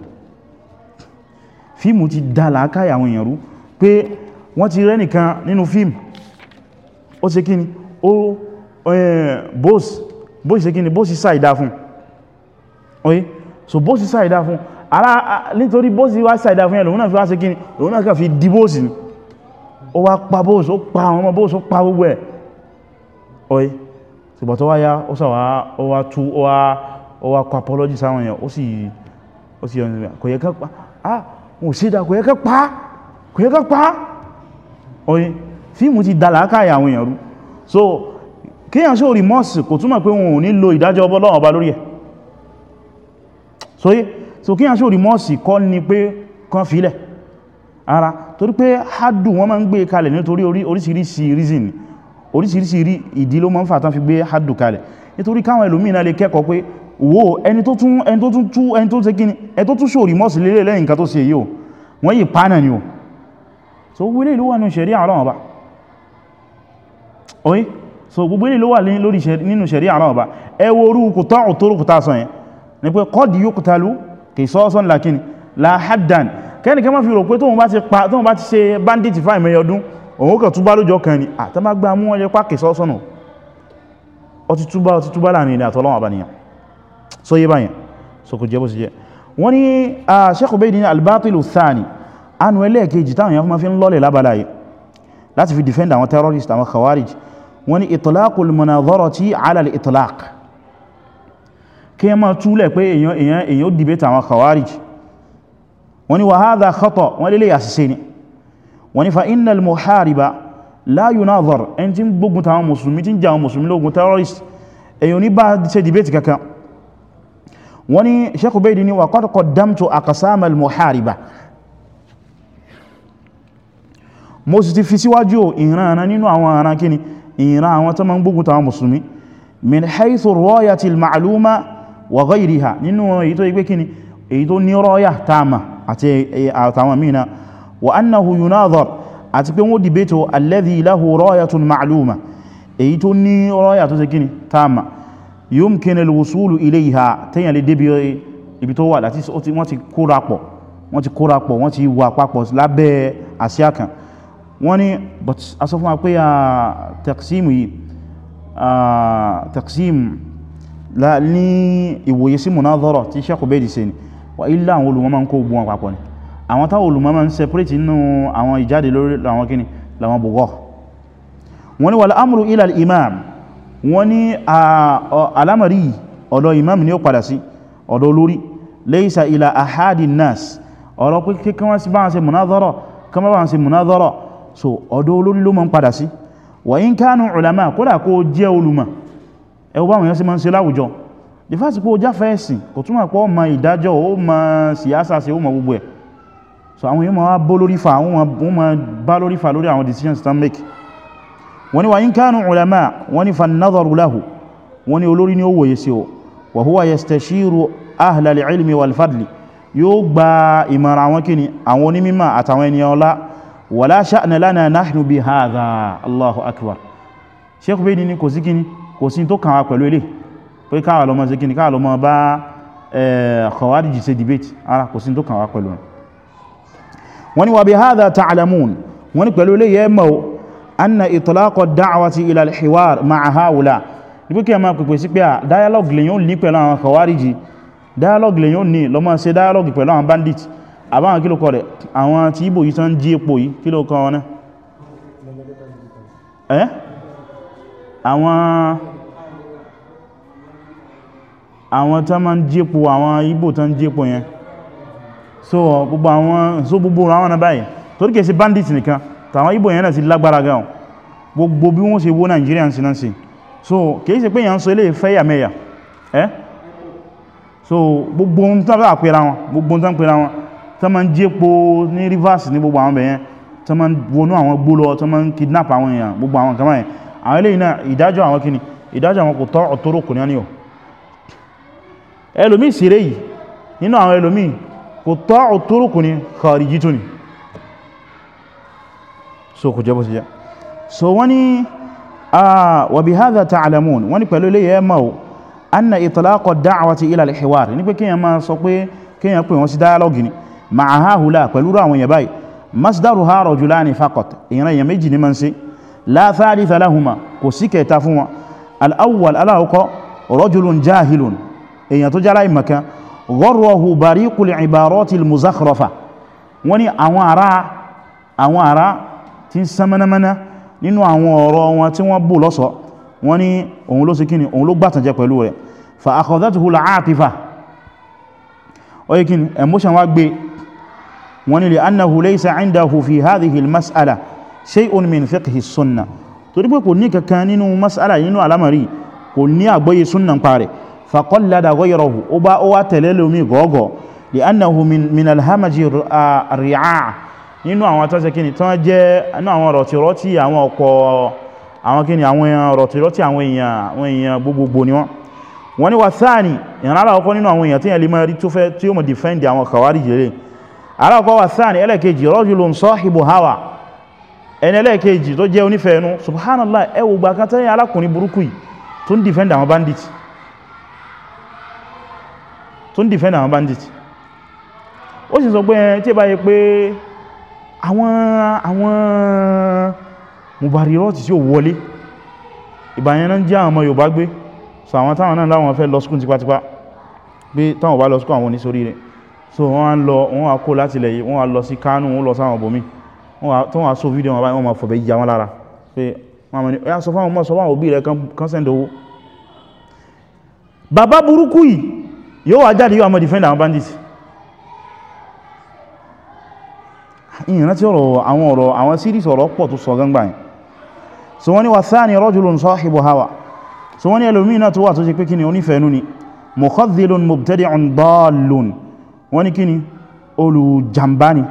fíìmù ti dá làákà àwọn èèyàn rú pé wọ́n ti rẹ́nìkan nínú fíìmù ó ṣe kíni ó bóòsì bóòsì ṣe kíni bóòsì sáìdá fún oye so bóòsì sáìdá fún ara nítorí bóòsì wá sáìdá fún ẹlòmínà fi wá ṣe kíni lòmínà kà fi di bóòsì ni ó wá pa bóòsì ó pa àwọn ọmọ bóòsì ó pa gbogbo ẹ̀ ọ́yí ṣùgbọ́n tó wáyá ó sàwá ó wá tú ó wá kọ apology sáwọn èèyàn ó sì ó sì yọ̀nà kò yẹ ká pa á mo sí ìdá kò yẹ ká kò yẹ ká ọ́yí fíìmù ti dà làákàyà so kíyàn sí orí mọ́ọ̀sì kò túmọ̀ lo ìdájọ́ ọbọ̀ lọ́wọ́ ọba so so kíyàn sí orí mọ́ọ̀sì kọ́ ni pé kan filẹ̀ ara torí pé hadu wọn máa ń gbé kalẹ̀ nítorí oríṣiríṣi reason oríṣiríṣi ìdí ló máa ń fà tán fi gbé haddu kalẹ̀ nítorí káwọn ẹlòmíì náà lè kẹ́kọ̀ọ́ pé wo ẹni tó tún ẹni tó tún tú ẹni tó ṣe kíni ẹni tó tún ṣòrí mọ́sí lélẹ̀ lẹ́yìn nǹkan tó ṣe yìí wọ́n yìí pánà ni o so gbogbo ilé ló wà nínú ṣẹ̀rí àrán ọba oye so gbogbo ilé ló wà lórí nínú ṣẹ̀rí àrán ọba ẹ wo orú kùtọ́ òtóró kùtà sọ yẹn ni pé kọ́dì yóò kùtà lú kì í sọ́ọ́sọ́ ńlá kíni la haddan kẹ́nìkẹ́ má fi rò pé tóun bá ti ṣe bandit fáìmẹ́yọdún òun kàn túbá lójọ kan ni àtàmà gbá mú ọyẹ pàkì sọ́sọ́nà ọtí túbá ọtí túbá láàrin ilẹ̀ àtọ́lọ́wọ̀n àbáníyàn so yé báyàn so kò jẹ́ bó sì jẹ́ wọ́n ní Sheikh Baydi ní albatilu thani anu ẹlẹ́ẹ̀kejì táwọn èèyàn wọ́n ní itlaqul munadharati wọ́n ní wa hadha khata ni wọ́n ní fa innal muhariba la yunazar ẹni tí ń gbógun tàwọn mùsùlùmí tí ń jà àwọn mùsùlùmí lógun terrorist èyàn ní bá ṣe debate kankan wọ́n ní Sheikh Ubaydi ni wa qad qaddamtu aqsam al muhariba mo sì ti fi síwájú ìran nínú àwọn aran kíni ìran àwọn tó ma ń gbógun tàwọn mùsùlùmí min haythu rọ́yàtì ma'alúmá wa ghayriha nínú èyí tó igbé kíni èyí tó ní rọ́yà tààmà àti àtàwọn mìíràn wa annahu yunadhar àti pé wọ́n dìbètò alladhi lahu rayatun ma'luma èyí tó ní rọ́yà tó ṣe kíni tààmà yumkin al-wusulu ilayha tẹ́yàn lè débi ibi tó wà láti wọ́n ti kórapọ̀ wọ́n ti kórapọ̀ wọ́n ti wà papọ̀ lábẹ́ àsíá kan wọ́n ni but aṣọ fún wa pé ah, taqsimu yìí ah, taqsim ní ìwòye sí munadhara tí sẹ́kù bẹ́ẹ̀dì se ni wà ilá àwọn olùmọ́ máa ń kó gbọ́n papọ̀ ni àwọn táwọn olùmọ̀ máa ń separate nínú àwọn ìjáde lórí àwọn kíni làwọn bùgọ́ wọ́n ní wà láàmùrù ila imam wọ́n ní alamari ọ̀dọ̀ imam ni ó padà sí ọ̀dọ̀ olórí laysa ila ahadi nas ọ̀rọ̀ pé kí wọ́n sí báwọn ṣe ó jáfẹ́ ẹ̀sìn kò túnmọ̀ pé ó ìdájọ́ ó mọ síyásà sí ó mọ gbogbo ẹ̀ so àwọn yíò ma bó lórí fa àwọn ma bá lórí fa lórí àwọn decisions tán make wọ́n ni wà yín kánù ulama wọ́n ni fannadharu lahu wọ́n ni olórí ni ó wòye sí o wa huwa yastashiru ahlal ilmi wal fadli yóò gba ìmọ̀ràn àwọn kíni àwọn onímímọ̀ àtàwọn ènìyàn ọlá wala sha'na lana nahnu wọ́n ni wà bí hadha ta'lamun wọ́n ni pẹ̀lú ilé yẹ mọ̀ anna itlaqo da'wati ila al-hiwar ma'a haula níbi kí a máa pèpè sí pé à dialogue lè yóò ní pẹ̀lú àwọn khawariji dialogue lè yóò ní lọ máa ṣe dialogue pẹ̀lú àwọn bandit àbáwọn kí rẹ̀ àwọn tí ibò yìí tán jí epo yìí kí wọn náà àwọn tán máa ń jí epo àwọn ibò tán jí epo yẹn so gbogbo àwọn so gbogbo àwọn náà báyìí torí kèsí bandit nìkan tàwọn Ìgbò yẹn náà ti lágbára gan gbogbo bí wọ́n ṣe wó Nigerian sí náà sí so kìí ṣe pé yàn ń sọ ilé fẹ́yà mẹ́yà ẹ́ so gbogbo ohun tán bá pẹ́ra wọn gbogbo ohun tán pẹ́ra wọn tán ma ń jẹ́po ní rivers ní gbogbo àwọn bẹ̀yẹn tán ma ń wọnú àwọn gbó lọ tán ma ń kidnap àwọn èèyàn gbogbo àwọn kama yẹn àwọn eléyìí náà ìdájọ́ àwọn kíni ìdájọ́ àwọn kò tọ́ ọ̀tọ́rọ̀ kò ní ẹlòmíì sí rèyí nínú àwọn ẹlòmíì quta'u turuku ni kharijitu ni so kò jẹ́ bó ṣe jẹ́ so wani a ah, wa bi hadha ta'lamun wani pẹ̀lú le ye ma o anna itlaq ad-da'wati ila al-hiwar ní pé kiyan ma sọ pé kiyan pè wọ́n sí dialogue ni ma'a haula pẹ̀lú ra wọn yan báyìí masdaruha rajulani faqat ìran yan méjì ni man ṣe la kò sí kẹta fún wọn al-awwal alawko rajulun jahilun tó jala imakan wọ́rọ̀hù baríkul ìbárọ́tì muzakhrafa wọ́n ní àwọn ará àwọn ará tí ń sán mẹ́nàmẹ́nà nínú àwọn ọ̀rọ̀ wọn tí wọ́n bù lọ́sọ̀ wọ́n ní òun ló sì kíni òun ló gbàtànjẹ pẹ̀lú rẹ̀ fa akhadhatuhu al-aatifa oye kíni emotion wá gbé wọ́n ní li'annahu laysa 'indahu fi hadhihi al-mas'ala fàkọ́ládà gọ́yọ̀rọ̀hù ó bá ó wá tẹ̀lé lómi gọ́ọ̀gọ́ lè annahu min alhamaji ri'a nínú àwọn tọ́sẹ̀ kíni tán jẹ́ inú àwọn rọ̀tìrọ̀tì àwọn ọkọ̀ àwọn kíni àwọn rọ̀tìrọ̀tì àwọn èèyàn gbogbogbò ni wọ́n wọ́n ni wà sáàni ìran aláwọ̀kọ́ nínú àwọn èèyàn tí yẹn lè máa rí tó fẹ́ tí ó mọ̀ defend àwọn kàwárí jẹ́lẹ̀ aláwọ̀kọ́ wà sáàni ẹlẹ́kejì rajulun sahibu hawa ẹni ẹlẹ́kejì tó jẹ́ onífẹ́ẹ̀nú subhanallah ẹwùgbà kan tẹ́yìn alákùnrin burúkú yìí tó ń defend àwọn bandits tó ń defend àwọn bandit ó sì sọ pé tí ẹ bá yẹ pé àwọn àwọn mubarirọ́tì tí ó wọlé ìbàyẹn náà jẹ́ àwọn ọmọ Yorùbá gbé so àwọn táwọn náà láwọn fẹ́ lọ skún tipatipa pé táwọn bá lọ skún àwọn onísorí rẹ̀ so wọ́n wá ń lọ wọ́n wá kó láti lẹ̀ yìí wọ́n wá lọ sí Kánò wọ́n lọ sáwọn bòmí tó wọ́n so fídíò wọn báyìí wọ́n ma fọ̀bẹ̀ yà wọn lára pé wọ́n ni ọ̀yá sọ fáwọn ọmọ sọ fáwọn òbí rẹ̀ kan sẹ́ndowó bàbá burúkú yìí yóò wá jáde yóò àmọ́ defend àwọn bandits ìyìn rántí ọ̀rọ̀ àwọn ọ̀rọ̀ àwọn series ọ̀rọ̀ pọ̀ tó sọ gbangba yìí so wọ́n ni wà sáà ni rajulun sahibu hawa so wọ́n ni ẹlòmí náà tó wà tó ṣe pé kíni onífẹ̀ẹ́nú ni mukhadhilun mubtadi'un dallun wọ́n ni kíni olùjàmbá ni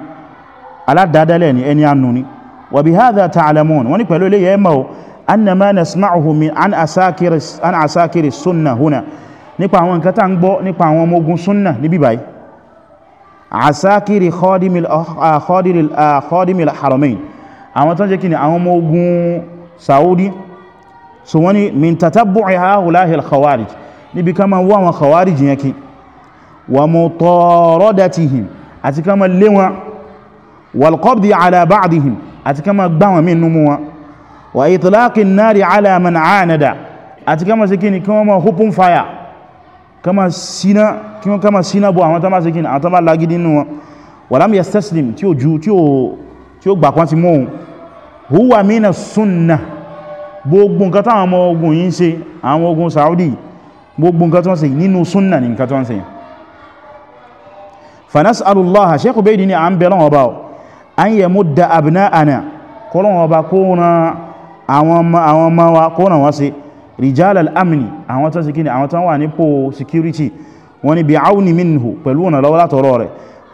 aládádálẹ̀ ni nípa àwọn nǹkan tá ń gbọ́ nípa àwọn ọmọ ogun súnnà níbí báyìí àsákìrì khodimil ah, ah, ah, haramain àwọn tó ń jẹ́ kí ni àwọn ọmọ ogun saudi so wọ́n ni min tatabbu'i haulahil khawarij níbi ká ma wọ́n àwọn khawarij yẹn kí wa mutaradatihim àti ká ma lé wọn wal qabdi àti ká ma gbá wọn min numu wọn wa itlaqin nari ala man anada àti ká ma sí kí ni kí wọ́n ma hupun fire kama sina kí wọ́n kama sina bọ́ àwọn tánbà síkín àwọn tánbà lágídí nínú wọn walam yastaslim tí ó ju tí ó gbà kan ti mọ́ huwa mina sunna gbogbo nǹkan táwọn ọmọ ogun yìí ń ṣe ogun Saudi gbogbo nǹkan tó ń ṣe sunna ní nǹkan tó ń ṣe fa nas'alullaha Shaykh Ubaydi ni à ń bẹ lọ́wọ́ ọba an yamudda abna'ana kọ́lọ́wọ́ ọba kó ran àwọn ọmọ wa kó ràn wọ́n sí rijal al-amni àwọn tán sikini àwọn tán wà nípò security wọ́n ni bí auni minhu pẹ̀lú ọ̀nà lọ́wọ́ látọ̀rọ̀ rẹ̀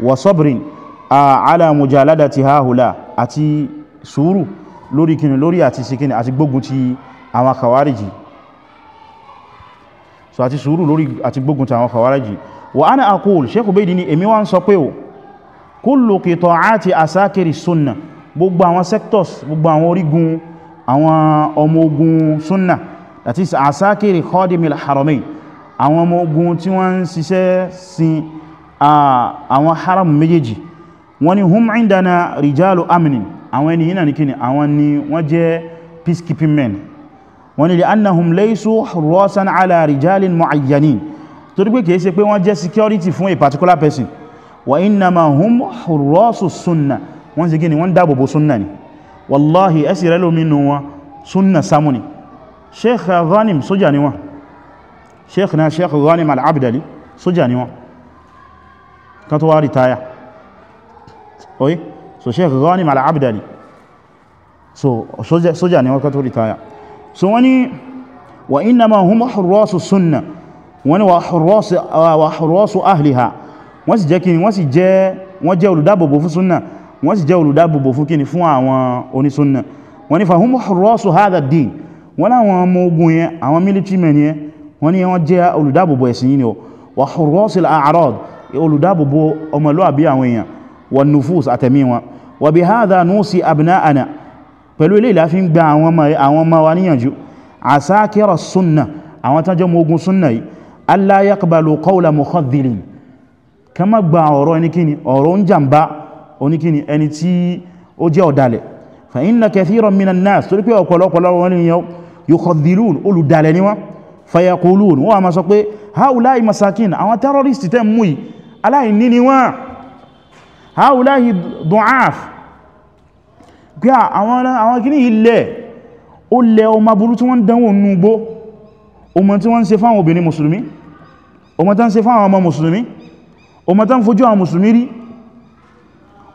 wa sabrin ala mujaladati hahula àti sùúrù lórí kini lórí àti sikini àti gbógun ti àwọn khawariji so àti sùúrù lórí àti gbógun ti àwọn khawariji wa ana aqul sheikh ubaydi ni èmi wá sọ pé o kullu qita'ati asakiri sunna gbogbo àwọn sectors gbogbo àwọn orígun àwọn ọmọ ogun sunna that is asakiri khadimil haramain àwọn ọmọ ogun tí wọ́n ń ṣiṣẹ́ sin àwọn haram méjèèjì wọ́n ni hum indana rijalu aminin àwọn ẹni yínà ní kíni àwọn ni wọ́n jẹ́ peacekeeping men wọ́n li annahum laysu hurrasan ala rijalin mu'ayyanin torí pé kìí ṣe pé wọ́n jẹ́ security fún a particular person wa innama hum hurrasu sunna wọ́n sì kíni wọ́n dáàbòbò sunna ni wallahi ẹsì rẹ̀ sunna samu sheikh ghanim sójà ni wọ́n sheikh na sheikh ghanim al-abdali sójà ni wọ́n kan tó wá rìtáyà oye so sheikh ghanim al-abdali so sójà ni wọ́n kan tó rìtáyà so wani wa innama hum hurrasu sunna wani wa hurrasu wa hurrasu ahliha wọ́n sì jẹ́ kí wọ́n sì jẹ́ wọ́n jẹ́ olùdábòbò fún sunna wọ́n sì jẹ́ olùdábòbò fún kíni fún àwọn onísunna wọ́n ní fahimu hurrasu hadha ad-din wọ́n láwọn ọmọ ogun yẹn àwọn military men yẹn wọ́n ní wọ́n jẹ́ olùdáàbòbò ẹ̀sìn yìí ni ọ wà hurwasil a'rad olùdáàbòbò ọmọlúàbí àwọn èèyàn wà nufus àtẹ̀mí wọn wà bí hadha nusi abna'ana pẹ̀lú ilé ìlàfi gba àwọn ọmọ wa ni yẹn yukhadhilun olùdalẹ̀ ni wọ́n fayaqulun wọ́n a ma sọ pé haulai masakin àwọn terrorist tẹ́ mú yìí aláìní ni wọ́n haulai du'af pé àwọn kìí ilẹ̀ ó lẹ ọmọ burú tí wọ́n dánwò núgbó ọmọ tí wọ́n ń ṣe fáwọn obìnrin musulmi ọmọ tán ṣe fáwọn ọmọ musulmi ọmọ tán fojú àwọn musulmi rí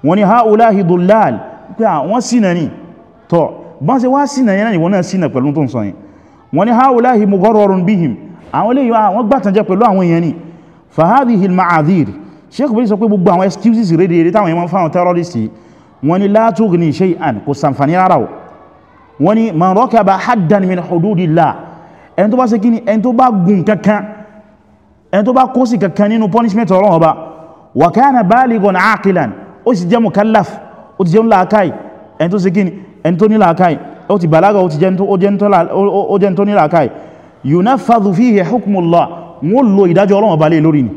wọ́n ni haulai dullal pé àwọn sínà ni bọ́n ṣe wá sínà yẹn ìwọ̀n náà sínà pẹ̀lú tó ń sọ yẹn wọ́n ni haulahi mugharrarun bihim àwọn ilé yóò àwọn gbàtànjẹ́ pẹ̀lú àwọn èèyàn ni fahadihil ma'adhir sheikh bẹ́ẹ̀ sọ pé gbogbo àwọn excuses rèdèrè táwọn èèyàn fáwọn terrorist wọ́n ni la tughni shay'an kò sànfàní rárá o wọ́n ni man rakaba haddan min hududillah ẹni tó bá ṣe kíni ẹni tó bá gùn kankan ẹni tó bá kó sí kankan nínú punishment ọlọ́run ọba wa kana baligan aqilan ó sì ẹni tó ní làákàí ó ti bàlágà ó ti jẹ́ tó ní làákàí yunafadhu fihi hukmullah wọ́n lo ìdájọ́ Ọlọ́run balẹ̀ lórí ni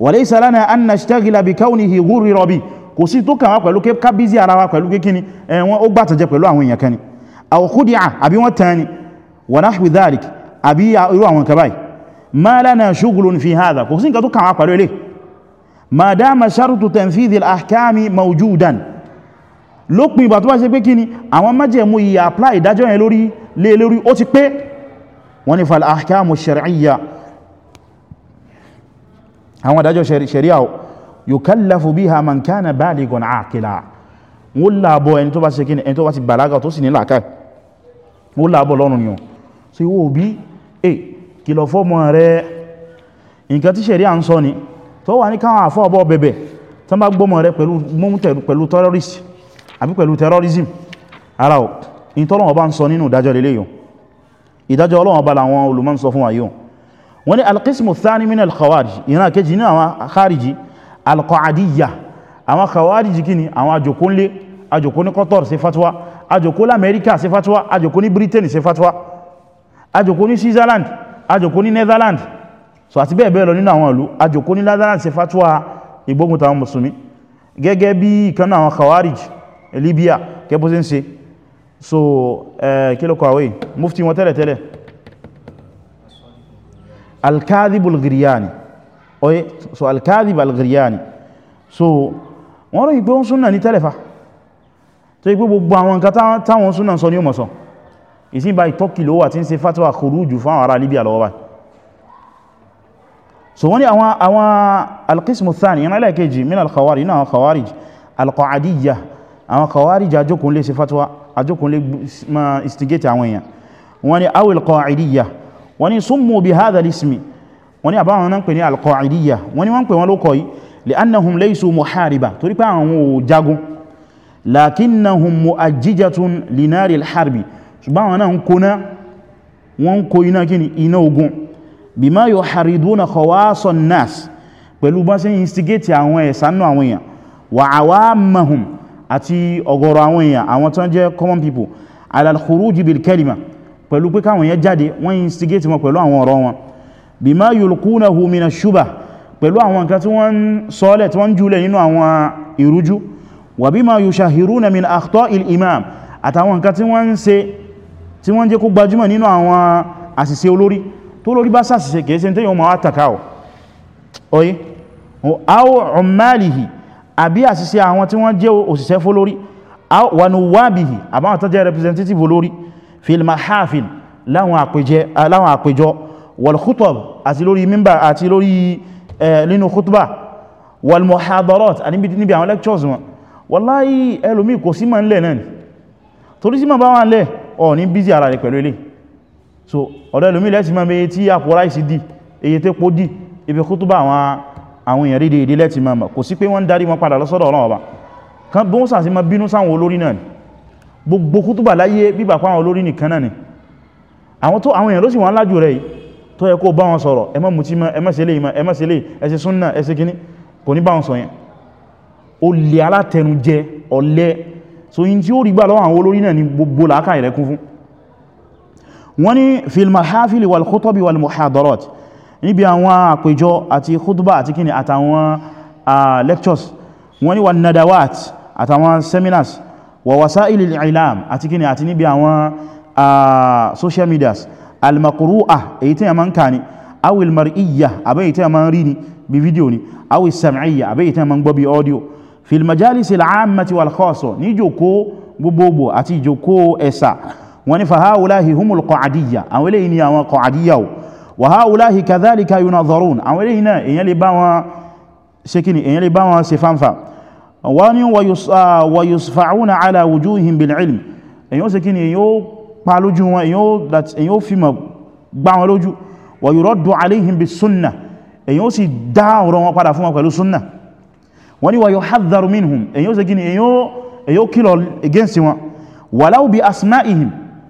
walaysa lana an nashtagila bi kawnihi ghurira bi kò sí tó kàwà pẹ̀lú kábízí ara wa pẹ̀lú kíkíní ẹ̀wọ̀n ó gbàtàjẹ pẹ̀lú àwọn èèyàn kan ni àbí wọ́n lópin ìgbà tó bá ṣe pé kí ni àwọn májẹ̀mú yìí apply ìdájọ́ yẹn lórí lé e lórí ó ti pé wọ́n ní fal ahkamu shar'iyya àwọn ìdájọ́ sharia yukallafu biha man kana balighan aqila wọ́n láàbọ̀ ẹni tó bá ṣe kí ni ẹni tó bá ti bàlágà tó sì ní làákà wọ́n láàbọ̀ lọ́rùn ni so ìwọ òbí eh kìlọ̀ fọ́mọ rẹ̀ nǹkan tí àbí pẹ̀lú terrorism ara ọ̀ in tọ́lọ́wọ́ bá ń sọ nínú ìdájọ́ lélé yìí ìdájọ́ ọlọ́wọ́ bá làwọn olùmọ́ ń sọ fún wa yìí wọ́n ni alqismu thani min alkhawarij ìran kejì ní àwọn khariji alqaadiyya àwọn khawariji kí ni àwọn àjòkó nlé àjòkó ní Qatar ṣe fatwa àjòkó lamẹ́ríkà ṣe fatwa àjòkó ní Britain ṣe fatwa àjòkó ní Switzerland àjòkó ní Netherlands so àti bẹ́ẹ̀ bẹ́ẹ̀ lọ nínú àwọn ìlú àjòkó ní Netherlands ṣe ìgbógun tàwọn mùsùlùmí gẹ́gẹ́ bí ìkan àwọn khawarij Eh, Libya kẹbọ́ sí ń ṣe so eh, kí ló kọ̀wé mufti wọn tẹ́lẹ̀ tẹ́lẹ̀ al-kadhib so al-kadhib so wọ́n rọ̀ ìgbé wọn súnnà ní tẹ́lẹ̀fà tó yí pé gbogbo àwọn nǹkan táwọn súnnà sọ ní o mọ̀sán ìsìnbà ìtọ́kì ló wà tí ń ṣe fatiwa khuruju fún àwọn ará Libya lọ́wọ́ báyìí so wọ́n ni àwọn alqismu yana ilẹ̀ kejì min al-khawarij àwọn khawarij ajókòó lè ṣe fatwa ajókòó lè ma instigate àwọn èèyàn wọ́n ni awil qa'idiyya wọ́n ni summu bi hadha al-ismi wọ́n ni àbáwọn náà pè ní al-qa'idiyya wọ́n ni wọ́n pè wọ́n ló kọ̀ yí li'annahum laysu muhariba torí pé àwọn ò jagun lakinnahum mu'ajjijatun li nari al-harbi ṣùgbọ́n àwọn náà ń kóná wọ́n àti ọ̀gọ̀rọ̀ àwọn èèyàn àwọn tán jẹ́ common people alalkhuruji bil kalima pẹ̀lú pé káwọn yẹn jáde wọ́n instigate wọn pẹ̀lú àwọn ọ̀rọ̀ wọn bima yulqunahu mina shubha pẹ̀lú àwọn nǹkan tí wọ́n sọ́lẹ̀ tí wọ́n jùlẹ̀ nínú àwọn ìrújú wa bima yushahiruna min akhta'il imam àtàwọn nǹkan tí wọ́n ṣe tí wọ́n jẹ́ kó gbajúmọ̀ nínú àwọn àṣìṣe olórí tó lórí bá ṣàṣìṣe kìí ṣe tí yóò máa tàkà ọ̀ oye aw ummalihi àbí àṣìṣe àwọn tí wọ́n jẹ́ òṣìṣẹ́ fólórí wanuwabihi àbáwọn tó jẹ́ representative olórí fil mahafil láwọn àpèjọ wal khutab àti lórí mímbà àti lórí nínú khutba wal muhadarat níbi àwọn lectures wọn wallahi ẹlòmí kò sí ma ń lẹ̀ náà ni torí sí ma bá wọn lẹ̀ ọ̀ ní so ọ̀dọ̀ ẹlòmí lẹ́sí ma bẹ tí àpò ráìsì dì èyí tẹ́pọ̀ dì àwọn èèyàn ríde ìdílẹ̀ ti máa mọ̀ kò sí pé wọ́n ń darí wọn padà lọ́sọ́dọ̀ ọ̀rọ̀ ọba kan bí wọ́n sàsí máa bínú sáwọn olórí náà ni gbogbo kútùbà láyé bíbà pa àwọn olórí nìkan náà ni àwọn tó àwọn èèyàn ló sì wọ́n lájú rẹ̀ tó yẹ kó bá wọn sọ̀rọ̀ ẹ má mutí mọ́ ẹ má ṣe lè mọ́ ẹ má ṣe lè ẹ ṣe súnnà ẹ níbi àwọn àpèjọ àti khutbah àti kíni àtàwọn lectures wọ́n ní wà nadawat àtàwọn seminars wà wasailil ilam àti kíni àti níbi àwọn social medias almakuru'a èyí tí a ma ń kà ní awil mar'iyya àbẹ́ tí a ma ń rí ní bí fídíò ní awil sam'iyya àbẹ́ tí a ma ń gbọ́ bí audio fil majalisi al'ammati wal khassa ní jòkó gbogbogbò àti jòkó ẹ̀sà wọ́n fahawulahi humul qa'adiyya àwọn eléyìí ni àwọn qa'adiyya wa haulahi kadhalika yunadharun àwọn eléyìí náà èyàn lè bá wọn ṣe kíni èyàn lè bá wọn ṣe fánfà wọ́n ni ah, wa yusfa'una ala wujuhihim bil ilm èyàn ṣe kíni èyàn wọn èyàn ó fi mọ̀ gbá wọn lójú wa yuraddu alayhim bis sunnah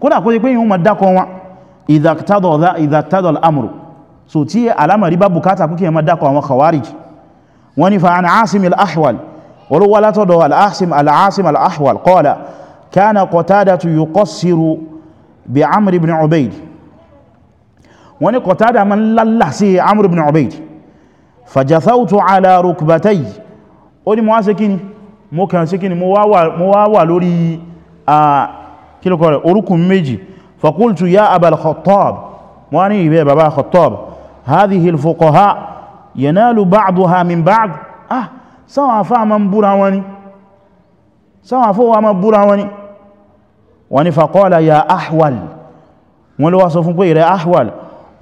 kódà kó ṣe pé èyàn ó dákọ wọn ìdàktádọ̀ al'amuru so tí alamari bá bukata kúkẹ́ ma dákọ̀ àwọn khawarij wọ́n ni fa'an asim al'ahwal wọ́n wá látọ̀dọ̀ al'asim al'ahwal qala kana qatadatu yuqassiru bi amr ibn ubaid wọ́n ni qatada man lallasi amr ibn ubaid fajathautu ala rukbatai ó ní mo wá sí mo kàn sí mo wá wà lórí a ah, kílùkọ́ rẹ̀ orúkún فقلت يا أبا الخطاب واني يا بابا الخطاب، هذه الفقهاء ينال بعضها من بعض اه سواء فاهم براوني سواء فاهم براوني واني فقال يا أحوال، ولو وصفوا بير أحول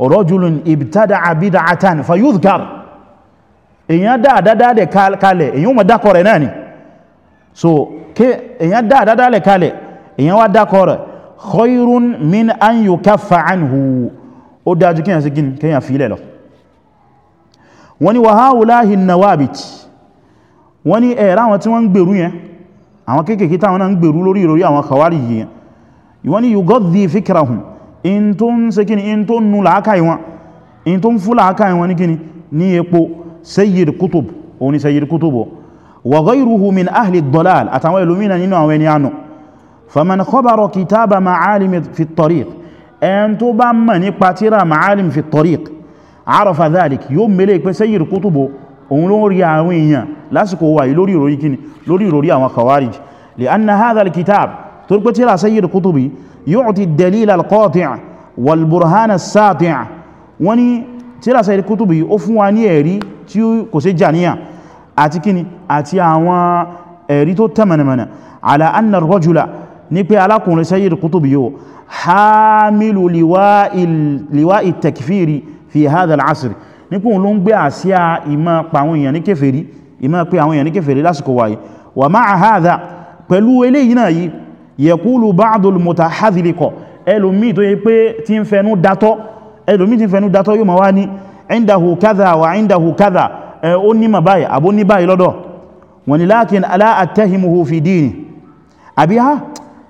رجل ابتدع بدعة فيذكر èyàn dáadáadáa kalẹ̀ èyàn ma dákọ̀ rẹ̀ náà ni so èyàn dáadáadáa kalẹ̀ èyàn wá dákọ̀ rẹ̀ khairun min an yukaffa anhu ó dájú kíyàn sí gini kíyàn fi ilẹ̀ lọ wọ́n ni wàháwùláhì nawabit wọ́n ni ẹ̀rá àwọn tí wọ́n ń gbèrú yẹn àwọn kéèkéé táwọn náà ń gbèrú lórí ìròrí àwọn kàwárí yìí wọ́n ni yugoddi fikrahum in tó ń ṣe kíni in tó ń nu làákà ìwọ̀n in tó ń fún làákà ìwọ̀n ní kíni ní epo sayyid kutub òun ni sayyid kutub wa ghayruhu min ahli dalal àtàwọn ẹlòmínà nínú àwọn ẹni ànà faman khabara kitaba ma'alim fi tariq ẹn tó bá mọ̀ nípa tíra ma'alim fi tariq arafa dhalik yóò mẹ́lẹ̀ pé sayyid kutubu òun ló rí àwọn èèyàn lásìkò wà yí lórí ìròrí kíni lórí ìròrí àwọn khawarij li anna hadha alkitab tó rí pé tíra sayyid kutubi yu'ti dalil alqati' wal burhan as-sati' wani tíra ní pé alákùnrin Sayyid Qutbi yóò hamilu liwa ìtẹ̀kìfìrí fi hadha al-asr ní pé òun ló ń gbé àsíá ìmá pa àwọn èèyàn ní kèfèrí ìmá pé àwọn èèyàn ní kèfèrí lásìkò wáyé wa ma'a hadha pẹ̀lú eléyìí náà yìí yaqulu ba'dul mutahadhiliqo ẹlòmí tó yẹ pé tí ń fẹnu dátọ́ ẹlòmí tí ń fẹnu dátọ́ àbí ha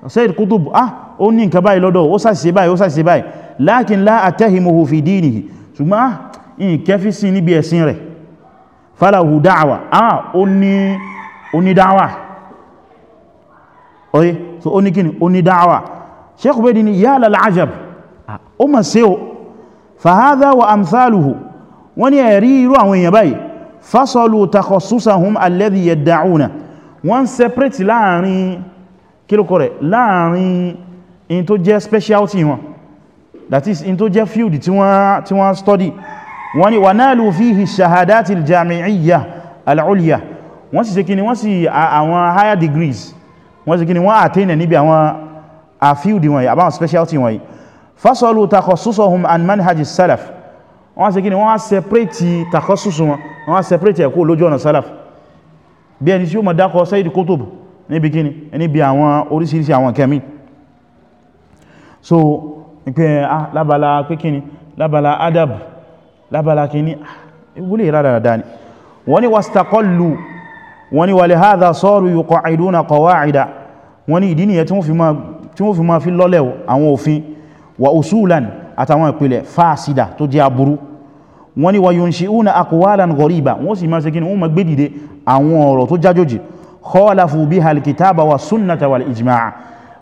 Sayyid Qutb ah ó ní nǹkan báyìí lọ́dọ̀ ó ṣàṣìṣe báyìí ó ṣàṣìṣe báyìí lakin la atahimuhu fi dinihi ṣùgbọ́n ah ìkẹfí sí níbi ẹ̀sìn rẹ̀ falahu da'wa ah so ó ní kíni ó ní da'wa Sheikh Ubaydi ni ya lal ajab ah, ó mà ṣe o fa hadha wa amthaluhu wọ́n ẹ̀rí irú àwọn èèyàn báyìí fasalu takhassusahum alladhi yad'una wọ́n separate láàrin kílùkọ rẹ̀ láàrin in tó jẹ́ specialty wọn that is in tó jẹ́ field tí wọ́n tí wọ́n study wọ́n ni wà náà lò fihi shahadati aljami'iyya al'ulya wọ́n sì ṣe kí ni wọ́n sì àwọn higher degrees wọ́n sì kí ni wọ́n attain níbi àwọn a field wọ̀nyí àbáwọn specialty wọ̀nyí fasalu takhassusuhum an manhaji salaf wọ́n sì wọ́n separate takhassusu wọ́n separate ẹ̀kọ́ lójú ọ̀nà salaf bí ẹni tí ó mọ̀ dákọ̀ Sayyid Qutb níbi kíni níbi àwọn orísìírísìí àwọn kẹmí so pé ah lábala pé kíni lábala adab lábala kíni wúlè rádáradá ni wọ́n ni wastaqallu wọ́n ni wàlè hadha saru yuqa'iduna qawa'ida wọ́n ni ìdí nìyẹ tí wọ́n fi ma fi lọ́lẹ̀ àwọn òfin wa usulan àtàwọn ìpìlẹ̀ fásida tó jẹ́ aburú wọ́n ni wa yunshi'una aqwalan ghariba wọ́n sì máa ṣe kíni wọ́n ma gbé dìde àwọn ọ̀rọ̀ tó jájòjì khalafu biha alkitaba wa sunnata wal ijma'a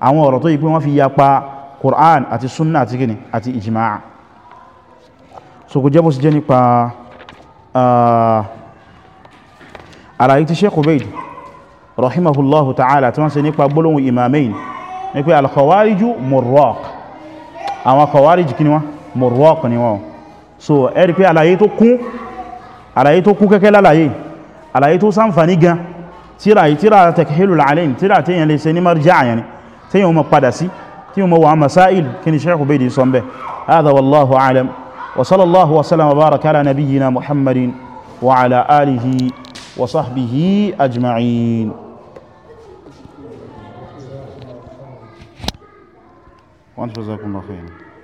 àwọn ọ̀rọ̀ tó yí pé wọ́n fi yapa Qur'an àti sunna àti gini àti ijma'a so kò jẹ́bọ́ sí jẹ́ nípa àlàyé tí Sheikh Ubaid rahimahullahu ta'ala tí wọ́n ṣe nípa gbólóhùn imamain ní pé alkhawariju murraq àwọn khawarij kí ni wọ́n murraq ni wọ́n so ẹ̀rí pé àlàyé tó kún àlàyé tó kún kẹ́kẹ́ lálàyé àlàyé tó ṣàǹfààní gan tíra yìí tíra Takhilul Alim tíra tí yẹn lè ṣe ní marja'a yẹn tí yẹn mọ̀ padà sí tí yẹn mọ̀ wà masáìl kí ni Shaykh Ubaydi sọ bẹ́ hadha wallahu a'lam wa sallallahu wa sallam wa